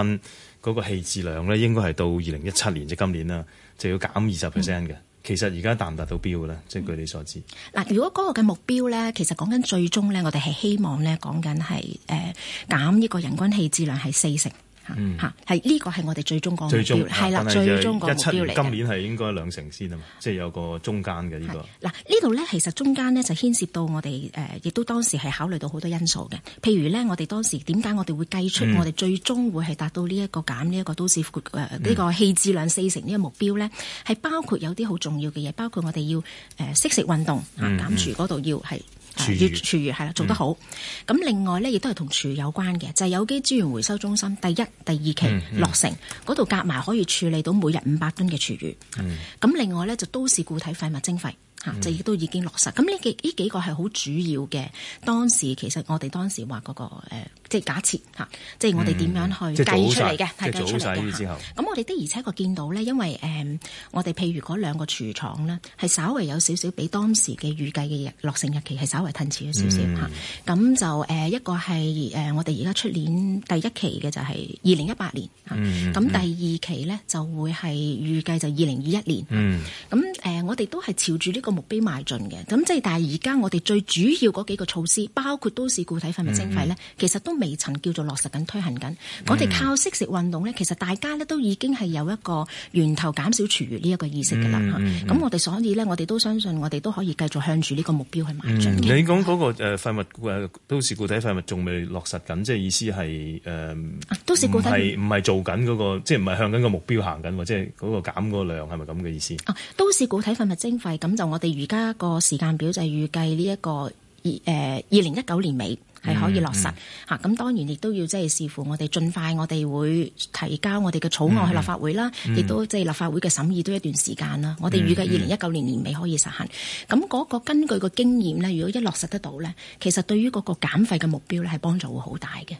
嗰個棄置量咧，應該係到二零一七年即、就是、今年啦，就要減二十 percent 嘅。其實而家達唔達到標嘅咧？即、嗯、係據你所知。嗱，如果嗰個嘅目標咧，其實講緊最終咧，我哋係希望咧，講緊係誒減呢個人均棄置量係四成。嗯，嚇，呢、這個係我哋最終個目標，係啦、啊，最終的目標嚟今年係應該是兩成先啊嘛，即、就、係、是、有個中間嘅呢、這個。嗱，這裡呢度咧其實中間咧就牽涉到我哋誒，亦、呃、都當時係考慮到好多因素嘅。譬如咧，我哋當時點解我哋會計出我哋最終會係達到呢、這、一個、嗯、減呢、這、一個都市誒呢個棄置量四成呢個目標咧？係、嗯、包括有啲好重要嘅嘢，包括我哋要誒惜食運動啊、呃，減廚餘嗰度要係。越廚餘係啦，做得好。咁、嗯、另外呢，亦都係同廚有關嘅，就係、是、有機資源回收中心第一、第二期落成嗰度，夾、嗯、埋、嗯、可以處理到每日五百噸嘅廚餘。咁、嗯、另外呢，就都市固體廢物徵費，嚇、嗯，就亦都已經落實。咁呢幾呢幾個係好主要嘅。當時其實我哋當時話嗰、那個、呃即係假設嚇，即係我哋點樣去計出嚟嘅，係計出嚟嘅。咁我哋的而且確見到咧，因為誒、呃，我哋譬如嗰兩個廚廠咧，係稍為有少少比當時嘅預計嘅落成日期係稍為褪遲咗少少嚇。咁、嗯、就誒一個係誒我哋而家出年第一期嘅就係二零一八年。咁、嗯嗯、第二期咧就會係預計就二零二一年。咁、嗯、誒、嗯、我哋都係朝住呢個目標邁進嘅。咁即係但係而家我哋最主要嗰幾個措施，包括都市固體廢物徵費咧、嗯，其實都。未曾叫做落實緊推行緊、嗯，我哋靠惜食運動咧，其實大家咧都已經係有一個源頭減少廚餘呢一個意識㗎喇。咁、嗯嗯、我哋所以咧，我哋都相信我哋都可以繼續向住呢個目標去邁進、嗯。你講嗰、那個誒廢、呃、物誒都市固體廢物，仲未落實緊，即係意思係誒、呃，都市固體，唔係唔係做緊嗰、那個，即係唔係向緊個目標行緊，即係嗰個減個量係咪咁嘅意思？啊，都市固體廢物徵費，咁就我哋而家個時間表就係預計呢一個誒二零一九年尾。係可以落實嚇，咁當然亦都要即係視乎我哋盡快，我哋會提交我哋嘅草案去立法會啦，亦都即係立法會嘅審議都一段時間啦。我哋預計二零一九年年尾可以實行。咁嗰個根據個經驗呢，如果一落實得到呢，其實對於嗰個減費嘅目標呢係幫助會好大嘅。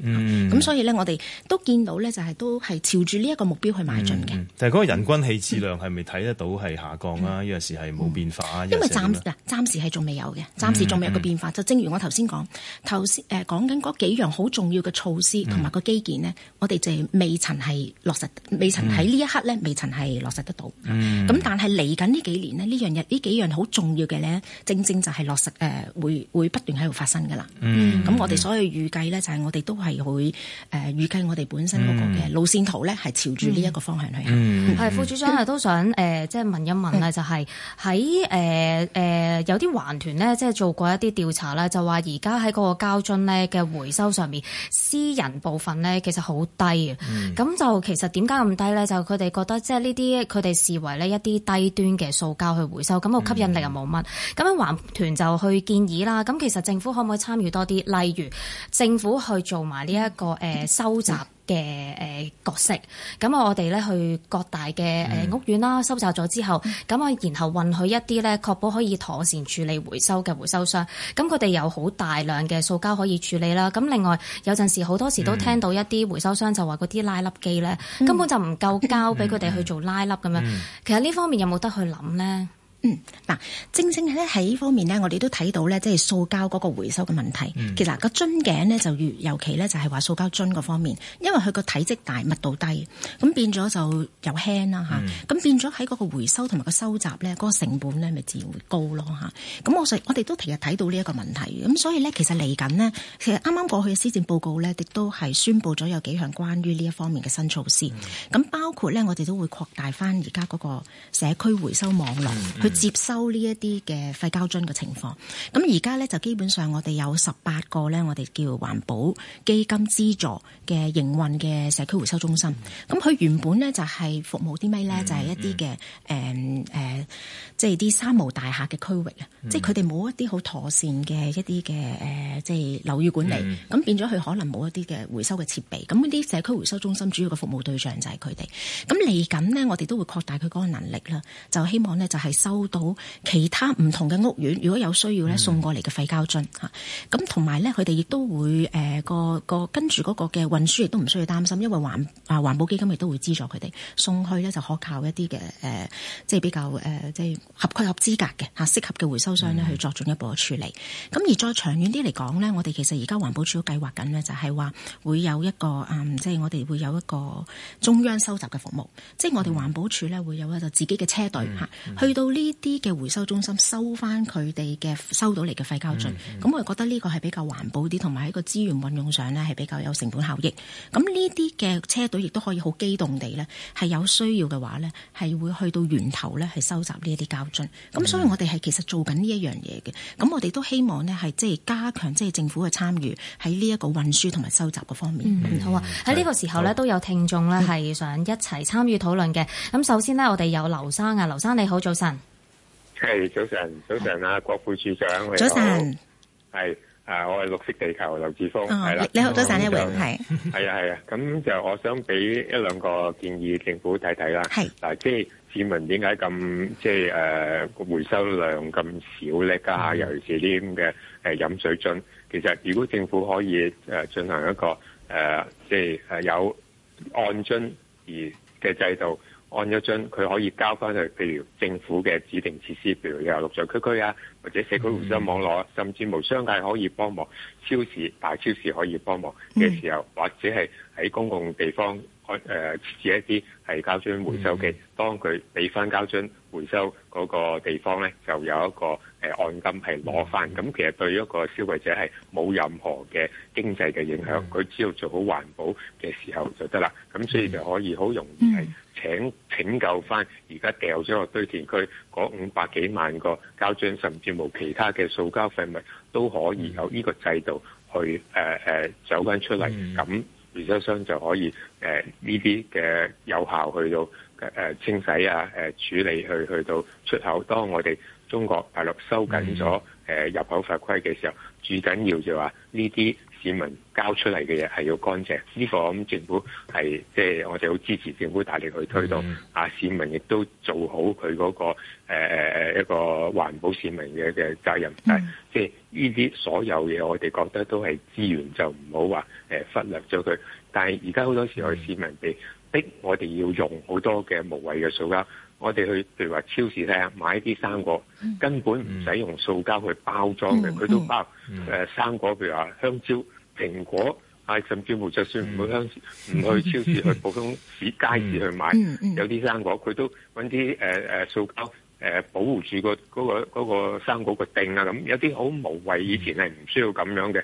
咁所以呢，我哋都見到呢，就係都係朝住呢一個目標去邁進嘅。但係嗰個人均棄置量係咪睇得到係下降啊？呢陣時係冇變化，因為暫時暫時係仲未有嘅，暫時仲未有個變化。就正如我頭先講，頭先，呃。誒講緊嗰幾樣好重要嘅措施同埋個基建呢、嗯，我哋就未曾係落實，未曾喺呢一刻呢，未曾係落實得到。咁、嗯、但係嚟緊呢幾年呢，呢樣嘢呢幾樣好重要嘅呢，正正就係落實誒、呃，會不斷喺度發生㗎啦。咁、嗯嗯、我哋所以預計呢、嗯，就係、是、我哋都係會誒、呃、預計我哋本身嗰個嘅路線圖呢，係朝住呢一個方向去行，嗯嗯。副署長啊，嗯、都想即係、呃就是、問一問啦、嗯、就係、是、喺、呃呃、有啲環團呢，即、就、係、是、做過一啲調查啦，就話而家喺嗰個膠咧嘅回收上面，私人部分咧，其實好低啊。咁、嗯、就其實點解咁低咧？就佢哋覺得即係呢啲，佢哋視為咧一啲低端嘅塑膠去回收，咁個吸引力又冇乜。咁樣環團就去建議啦。咁其實政府可唔可以參與多啲？例如政府去做埋呢一個誒收集。嗯嘅角色，咁啊我哋咧去各大嘅屋苑啦、嗯，收集咗之後，咁、嗯、啊然後允許一啲咧確保可以妥善處理回收嘅回收商，咁佢哋有好大量嘅塑膠可以處理啦。咁另外有陣時好多時都聽到一啲回收商就話嗰啲拉粒機咧根本就唔夠膠俾佢哋去做拉粒咁樣、嗯，其實呢方面有冇得去諗咧？嗯，嗱，正正咧喺呢方面呢，我哋都睇到呢，即係塑膠嗰個回收嘅問題。嗯、其實個個樽頸呢，就越尤其呢，就係話塑膠樽嗰方面，因為佢個體積大、密度低，咁變咗就又輕啦吓，咁、嗯啊、變咗喺嗰個回收同埋個收集呢，嗰、嗰個成本呢咪自然會高咯吓。咁、啊、我我哋都成日睇到呢一個問題，咁所以呢，其實嚟緊呢，其實啱啱過去嘅施政報告呢，亦都係宣布咗有幾項關於呢一方面嘅新措施，咁、嗯、包括呢，我哋都會擴大翻而家嗰個社區回收網絡。嗯嗯接收呢一啲嘅廢膠樽嘅情況，咁而家咧就基本上我哋有十八個咧，我哋叫環保基金資助嘅營運嘅社區回收中心。咁、嗯、佢原本咧就係服務啲咩咧？就係、是、一啲嘅誒誒即係啲三無大廈嘅區域啊、嗯，即係佢哋冇一啲好妥善嘅一啲嘅誒即係樓宇管理。咁、嗯、變咗佢可能冇一啲嘅回收嘅設備。咁啲社區回收中心主要嘅服務對象就係佢哋。咁嚟緊咧，我哋都會擴大佢嗰個能力啦，就希望咧就係收。到其他唔同嘅屋苑，如果有需要咧，送過嚟嘅廢膠樽吓，咁同埋咧，佢哋亦都會誒、呃、個個跟住嗰個嘅運輸亦都唔需要擔心，因為環啊環保基金亦都會資助佢哋送去咧，就可靠一啲嘅誒即係比較誒、呃、即係合規合資格嘅吓適合嘅回收商咧去作進一步嘅處理。咁、mm -hmm. 而再長遠啲嚟講咧，我哋其實而家環保署都計劃緊咧，就係話會有一個啊、嗯、即係我哋會有一個中央收集嘅服務，mm -hmm. 即係我哋環保署咧會有一個自己嘅車隊吓、啊 mm -hmm. 去到呢。呢啲嘅回收中心收翻佢哋嘅收到嚟嘅廢膠樽，咁、嗯嗯、我覺得呢個係比較環保啲，同埋喺個資源運用上呢係比較有成本效益。咁呢啲嘅車隊亦都可以好機動地呢係有需要嘅話呢，係會去到源頭呢去收集呢一啲膠樽。咁所以我哋係其實做緊呢一樣嘢嘅。咁我哋都希望呢係即係加強即係政府嘅參與喺呢一個運輸同埋收集嘅方面、嗯。好啊，喺呢個時候呢都有聽眾呢係想一齊參與討論嘅。咁首先呢，我哋有劉生啊，劉生，你好早晨。係早晨，早晨啊，郭副處長。早晨，係啊，我係綠色地球劉智峰，係啦。你好多早晨，一位係。係啊，係啊，咁就我想俾一兩個建議政府睇睇啦。係嗱，即係市民點解咁即係誒回收量咁少咧？噶吓，尤其是啲咁嘅誒飲水樽，其實如果政府可以誒進行一個誒即係誒有按樽而嘅制度。按咗樽，佢可以交翻去，譬如政府嘅指定設施，譬如有垃圾區區啊，或者社區回收網絡，甚至無商界可以幫忙，超市大超市可以幫忙嘅時候，或者係喺公共地方開設置一啲係膠樽回收機，嗯、當佢俾翻膠樽。回收嗰個地方咧，就有一個誒按、呃、金係攞翻，咁其實對一個消費者係冇任何嘅經濟嘅影響，佢只要做好環保嘅時候就得啦，咁所以就可以好容易係請拯救翻而家掉咗個堆填區嗰五百幾萬個膠樽，甚至冇其他嘅塑膠廢物都可以由呢個制度去誒誒走翻出嚟，咁回收商就可以誒呢啲嘅有效去到。誒清洗啊，誒處理去去到出口，當我哋中國大陸收緊咗誒入口法規嘅時候，mm. 最緊要就話呢啲市民交出嚟嘅嘢係要乾淨。呢、這個咁政府係即係我哋好支持政府大力去推動，啊、mm. 市民亦都做好佢嗰、那個誒、呃、一個環保市民嘅嘅責任。誒、mm.，即係呢啲所有嘢，我哋覺得都係資源，就唔好話誒忽略咗佢。但係而家好多時我哋市民哋。逼我哋要用好多嘅無謂嘅塑膠，我哋去譬如話超市睇下買一啲生果，根本唔使用、用塑膠去包裝嘅，佢、嗯、都包誒生、嗯呃、果，譬如話香蕉、蘋果，啊甚至乎就算唔去香，唔、嗯、去超市、嗯、去普通市街市去買，嗯、有啲生果佢都搵啲誒誒塑膠誒、呃、保護住、嗰個嗰、嗰個生、嗰個、果個頂啊，咁有啲好無謂，以前係唔需要咁樣嘅，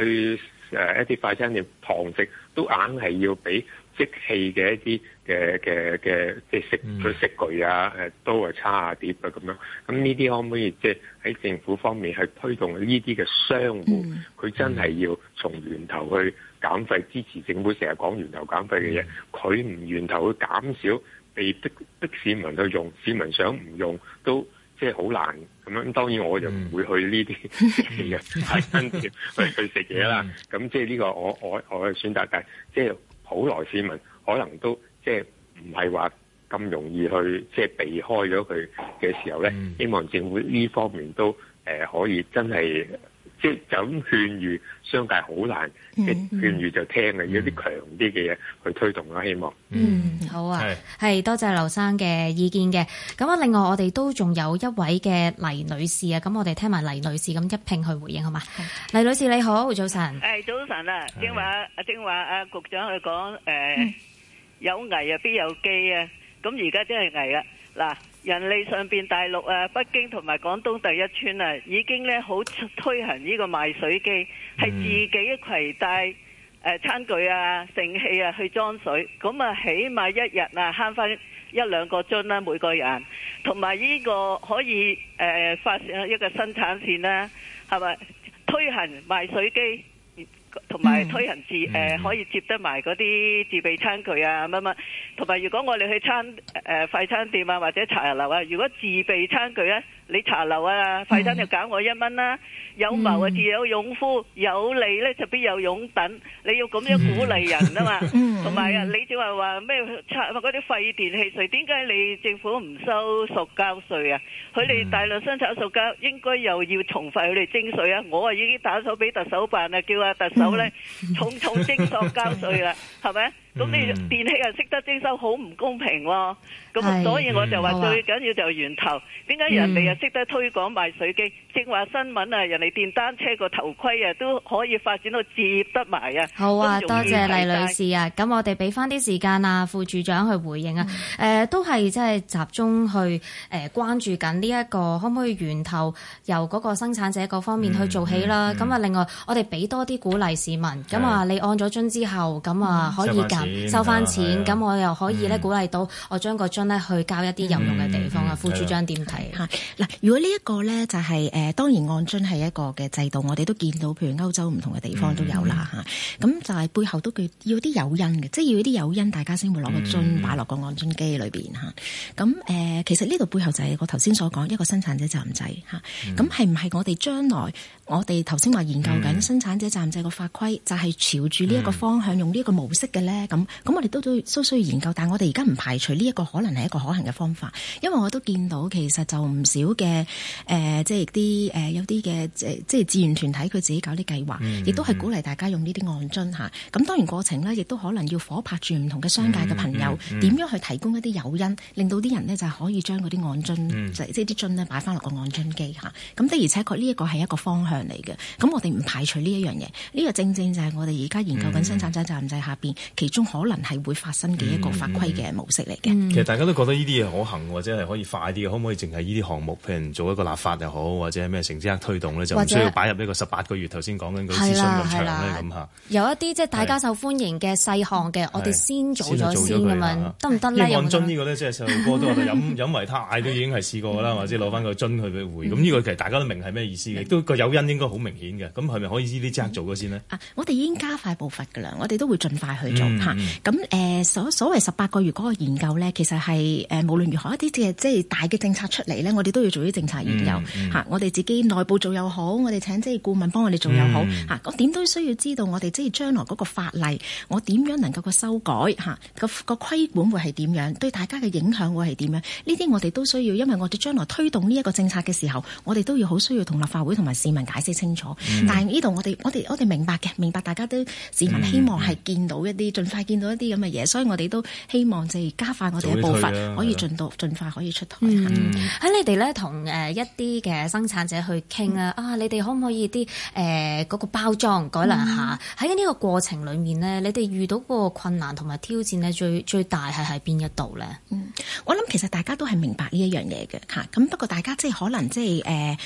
去誒、呃、一啲快餐店堂食都硬係要俾。即棄嘅一啲嘅嘅嘅，即食食具啊，誒刀啊叉啊碟啊咁樣，咁呢啲可唔可以即喺政府方面係推動呢啲嘅商戶，佢、嗯、真係要從源頭去減廢，支持政府成日講源頭減廢嘅嘢，佢、嗯、唔源頭去減少被逼逼市民去用，市民想唔用都即係好難咁樣。當然我就唔會去呢啲嘅，係、嗯、跟住 去食嘢啦。咁、嗯、即係呢個我我我嘅選擇嘅，但即係好耐市民可能都即係唔係話咁容易去即係，避開咗佢嘅時候咧、嗯，希望政府呢方面都誒、呃、可以真係。即係就咁勸喻商界好難，即係勸喻就聽嘅，要啲強啲嘅嘢去推動咯。希望，嗯，好啊。係，係多謝劉生嘅意見嘅。咁啊，另外我哋都仲有一位嘅黎女士啊，咁我哋聽埋黎女士咁一拼去回應好嘛？黎女士你好，早晨。誒早晨啊，正話啊，正話啊，局長佢講誒有危啊，必有機啊，咁而家真係危啦。人力上邊大陸啊，北京同埋廣東第一村啊，已經咧好推行呢個賣水機，係、嗯、自己攜帶誒餐具啊、盛器啊去裝水，咁啊起碼一日啊慳返一兩個樽啦、啊，每個人，同埋呢個可以誒、呃、發一個生產線啦、啊，係咪推行賣水機？同埋推行自誒、嗯呃、可以接得埋嗰啲自備餐具啊乜乜，同埋如果我哋去餐誒、呃、快餐店啊或者茶樓啊，如果自備餐具咧、啊？.你茶樓啊，快餐就減我一蚊啦、啊。有謀啊，自有勇夫；有利咧，就必有勇等。你要咁樣鼓勵人啊嘛。同 埋啊，你正話話咩拆嗰啲廢電器稅，點解你政府唔收塑膠稅啊？佢 哋大量生產塑膠，應該又要重罰佢哋徵稅啊！我啊已經打手俾特首辦啊，叫阿特首咧重重徵塑膠稅啦，係 咪？咁、嗯、你電器又識得徵收，好唔公平囉。咁所以我就話最緊要就源頭。點解、啊、人哋又識得推廣賣水機？正、嗯、話新聞啊，人哋電單車個頭盔啊，都可以發展到接得埋啊。好啊多，多謝黎女士啊。咁我哋俾翻啲時間啊，副處長去回應啊。嗯呃、都係即係集中去關注緊呢一個可唔可以源頭由嗰個生產者個方面去做起啦。咁、嗯、啊，嗯、另外我哋俾多啲鼓勵市民。咁啊，你按咗樽之後，咁啊可以減。收翻錢，咁我又可以咧鼓勵到我將個樽咧去交一啲有用嘅地方啊！副、嗯、主張點睇嗱，如果呢一個咧就係、是、誒、呃，當然按樽係一個嘅制度，我哋都見到譬如歐洲唔同嘅地方都有啦嚇。咁、嗯嗯啊、就係背後都叫要啲有因嘅，即係要啲有因，大家先會攞個樽擺落個按樽機裏面。嚇、啊。咁、呃、其實呢度背後就係我頭先所講一個生產者責任制嚇。咁係唔係我哋將來？我哋頭先話研究緊、嗯、生產者責任制個法規，就係、是、朝住呢一個方向、嗯、用呢一個模式嘅咧。咁咁，我哋都都需要研究，但係我哋而家唔排除呢一個可能係一個可行嘅方法，因為我都見到其實就唔少嘅、呃、即係啲、呃、有啲嘅即係志願團體佢自己搞啲計劃，亦都係鼓勵大家用呢啲按樽咁、嗯啊、當然過程呢，亦都可能要夥拍住唔同嘅商界嘅朋友，點、嗯、樣、嗯、去提供一啲誘因，令到啲人呢就可以將嗰啲按樽、嗯、即係啲樽呢擺返落個按樽機嚇。咁、啊、的而且確呢一個係一個方向。嚟嘅，咁我哋唔排除呢一樣嘢，呢個正正就係我哋而家研究緊生產者責任制下邊，其中可能係會發生嘅一個法規嘅模式嚟嘅。其實大家都覺得呢啲嘢可行，或者係可以快啲，可唔可以淨係呢啲項目，譬如做一個立法又好，或者係咩成之刻推動咧，就唔需要擺入呢個十八個月頭先講緊嘅諮詢流程咧咁嚇。有一啲即係大家受歡迎嘅細項嘅，我哋先做咗先咁樣，得唔得咧？飲樽呢個咧，即係細路哥都話飲飲維他奶都已經係試過啦，或者攞翻個樽去俾回，咁呢個其實大家都明係咩意思，亦都個有因。應該好明顯嘅，咁係咪可以呢啲即刻做咗先呢、嗯？啊，我哋已經加快步伐噶啦，我哋都會盡快去做嚇。咁、嗯嗯啊、所所謂十八個月嗰個研究咧，其實係誒、呃、無論如何一啲即係大嘅政策出嚟咧，我哋都要做啲政策研究、嗯嗯啊、我哋自己內部做又好，我哋請即係顧問幫我哋做又好嚇。咁、嗯、點、啊、都需要知道我哋即係將來嗰個法例，我點樣能夠個修改嚇、啊、個規管會係點樣，對大家嘅影響會係點樣？呢啲我哋都需要，因為我哋將來推動呢一個政策嘅時候，我哋都要好需要同立法會同埋市民解釋清楚，嗯、但係呢度我哋我哋我哋明白嘅，明白大家都市民希望係見到一啲、嗯，盡快見到一啲咁嘅嘢，所以我哋都希望即係加快我哋嘅步伐，可以盡到盡快可以出台。喺、嗯嗯、你哋咧同誒一啲嘅生產者去傾、嗯、啊，啊你哋可唔可以啲誒嗰個包裝改良下？喺、嗯、呢個過程裡面咧，你哋遇到嗰個困難同埋挑戰咧，最最大係喺邊一度咧？我諗其實大家都係明白呢一樣嘢嘅嚇，咁不過大家即係可能即係誒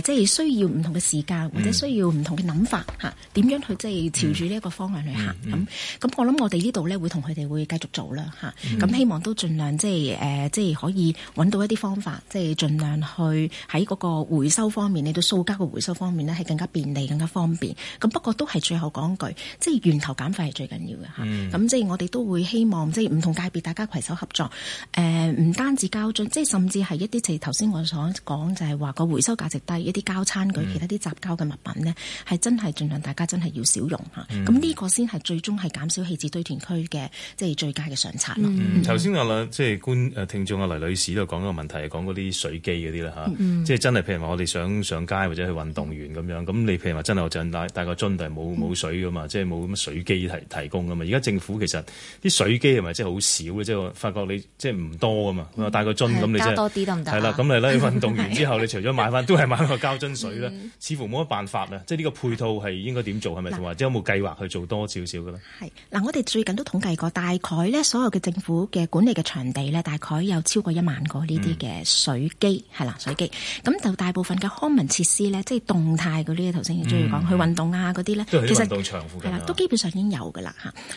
誒，即係需要唔同嘅。時間或者需要唔同嘅諗法嚇，點、mm -hmm. 樣去即係朝住呢一個方向去行咁？咁、mm -hmm. mm -hmm. 我諗我哋呢度咧會同佢哋會繼續做啦嚇。咁、mm -hmm. 希望都盡量即係誒，即、就、係、是呃就是、可以揾到一啲方法，即、就、係、是、盡量去喺嗰個回收方面，你對塑膠嘅回收方面呢，係更加便利、更加方便。咁不過都係最後講句，即、就、係、是、源頭減廢係最緊要嘅嚇。咁即係我哋都會希望即係唔同界別大家攜手合作。誒、呃，唔單止膠樽，即、就、係、是、甚至係一啲即係頭先我所講就係、是、話個回收價值低一啲膠餐具其他。Mm -hmm. 啲雜交嘅物品呢，係真係盡量，大家真係要少用嚇。咁、嗯、呢個先係最終係減少棄置堆填區嘅，即係最佳嘅上策咯。頭先啊，即係觀誒聽眾阿黎女士都講個問題，講嗰啲水機嗰啲啦嚇，即係真係譬如話我哋想上街或者去運動完咁樣，咁你譬如話真係我陣帶帶個樽，但係冇冇水噶嘛，即係冇咁水機提提供噶嘛。而家政府其實啲水機係咪即係好少嘅？即係發覺你即係唔多噶嘛，帶個樽咁、嗯、你真多啲得唔得？係啦，咁你運動完之後， 你除咗買翻都係買個膠樽水啦。嗯似乎冇乜辦法啦，即係呢個配套係應該點做係咪？同埋即係有冇計劃去做多少少嘅咧？係嗱、啊，我哋最近都統計過，大概咧所有嘅政府嘅管理嘅場地咧，大概有超過一萬個呢啲嘅水機係啦、嗯，水機咁就大部分嘅康文設施咧，即係動態嗰啲，頭先亦都講去運動啊嗰啲咧，其實運動場附近都基本上已經有㗎啦。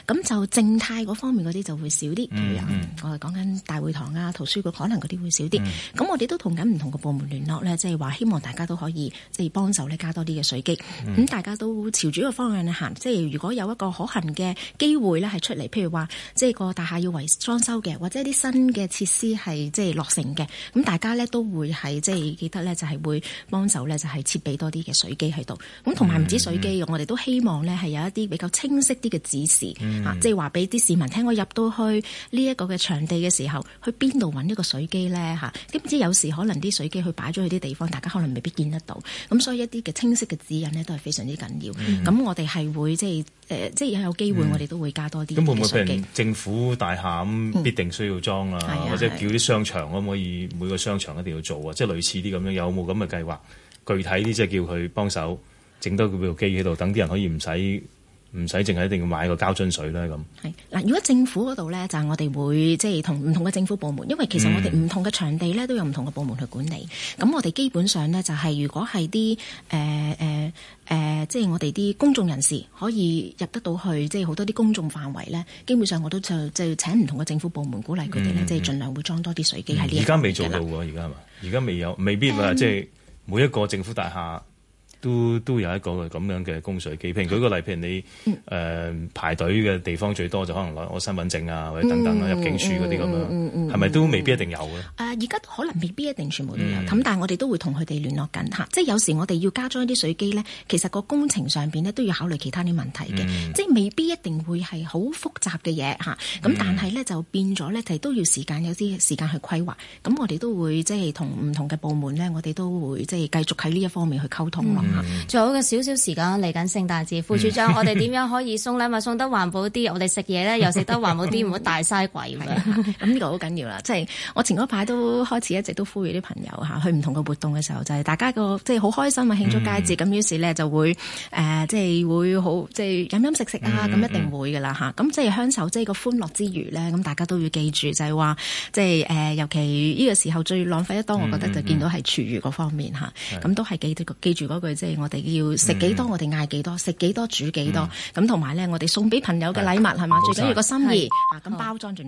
咁就靜態嗰方面嗰啲就會少啲，嗯嗯、譬如我哋講緊大會堂啊、圖書館可能嗰啲會少啲。咁、嗯、我哋都同緊唔同嘅部門聯絡咧，即係話希望大家都可以即係、就是、幫。加多啲嘅水機，咁、嗯嗯、大家都朝住一個方向去行，即係如果有一個可行嘅機會咧，係出嚟，譬如話，即係個大廈要維裝修嘅，或者啲新嘅設施係即係落成嘅，咁大家咧都會係即係記得咧，就係會幫手咧，就係設備多啲嘅水機喺度，咁同埋唔止水機、嗯，我哋都希望咧係有一啲比較清晰啲嘅指示，嗯、即係話俾啲市民聽，我入到去呢一個嘅場地嘅時候，去邊度搵一個水機咧？吓，點知有時可能啲水機去擺咗去啲地方，大家可能未必見得到，咁所以。一啲嘅清晰嘅指引咧，都係非常之緊要。咁、嗯、我哋係會即係誒，即係有機會，我哋都會加多啲。咁、嗯、會唔會俾人政府大廈必定需要裝啊？嗯、或者叫啲商場可唔、嗯、可以每個商場一定要做啊？即係類似啲咁樣，有冇咁嘅計劃？具體啲即係叫佢幫手整多部機喺度，等啲人可以唔使。唔使淨係一定要買一個膠樽水啦。咁。係嗱，如果政府嗰度咧，就係、我哋會即係、就係、同唔同嘅政府部門，因為其實我哋唔同嘅場地咧、嗯、都有唔同嘅部門去管理。咁我哋基本上咧就係、係，如果係啲誒誒誒，即、呃、係、呃就係、我哋啲公眾人士可以入得到去，即係好多啲公眾範圍咧，基本上我都就即係請唔同嘅政府部門鼓勵佢哋咧，即係儘量會裝多啲水機喺、嗯、呢。而家未做到喎，而家係嘛？而家未有，未必啊！即、嗯、係、就係、每一個政府大廈。都都有一個咁樣嘅供水機，譬如舉個例，譬如你、嗯呃、排隊嘅地方最多就可能攞我身份證啊或者等等、嗯、入境處嗰啲咁樣，係、嗯、咪、嗯、都未必一定有咧？而、呃、家可能未必一定全部都有，咁、嗯、但係我哋都會同佢哋聯絡緊嚇，即係有時我哋要加裝啲水機呢，其實個工程上面呢都要考慮其他啲問題嘅、嗯，即係未必一定會係好複雜嘅嘢嚇，咁但係呢、嗯，就變咗呢係都要時間，有啲時間去規劃，咁我哋都會即係同唔同嘅部門呢，我哋都會即係繼續喺呢一方面去溝通咯。嗯仲有個少少時間嚟緊聖誕節，副處長，我哋點樣可以送禮物送得環保啲？我哋食嘢咧又食得環保啲，唔好大嘥鬼啦！咁呢個好緊要啦，即係我前嗰排都開始一直都呼籲啲朋友去唔同嘅活動嘅時候，就係大家個即係好開心啊，慶祝佳節咁，嗯嗯於是咧就會誒即係會好即係飲飲食食啊，咁、嗯嗯嗯、一定會噶啦嚇。咁即係享受即係個歡樂之餘咧，咁大家都要記住就，就係話即係誒，尤其呢個時候最浪費得多，嗯嗯嗯嗯我覺得就見到係廚餘嗰方面嚇，咁、嗯嗯嗯啊、都係記住嗰句我哋要食幾多，嗯，我哋嗌幾多；食幾多煮幾多。咁同埋咧，我哋送俾朋友嘅禮物係嘛，嗯，最緊要個心意。啊，咁包裝重要。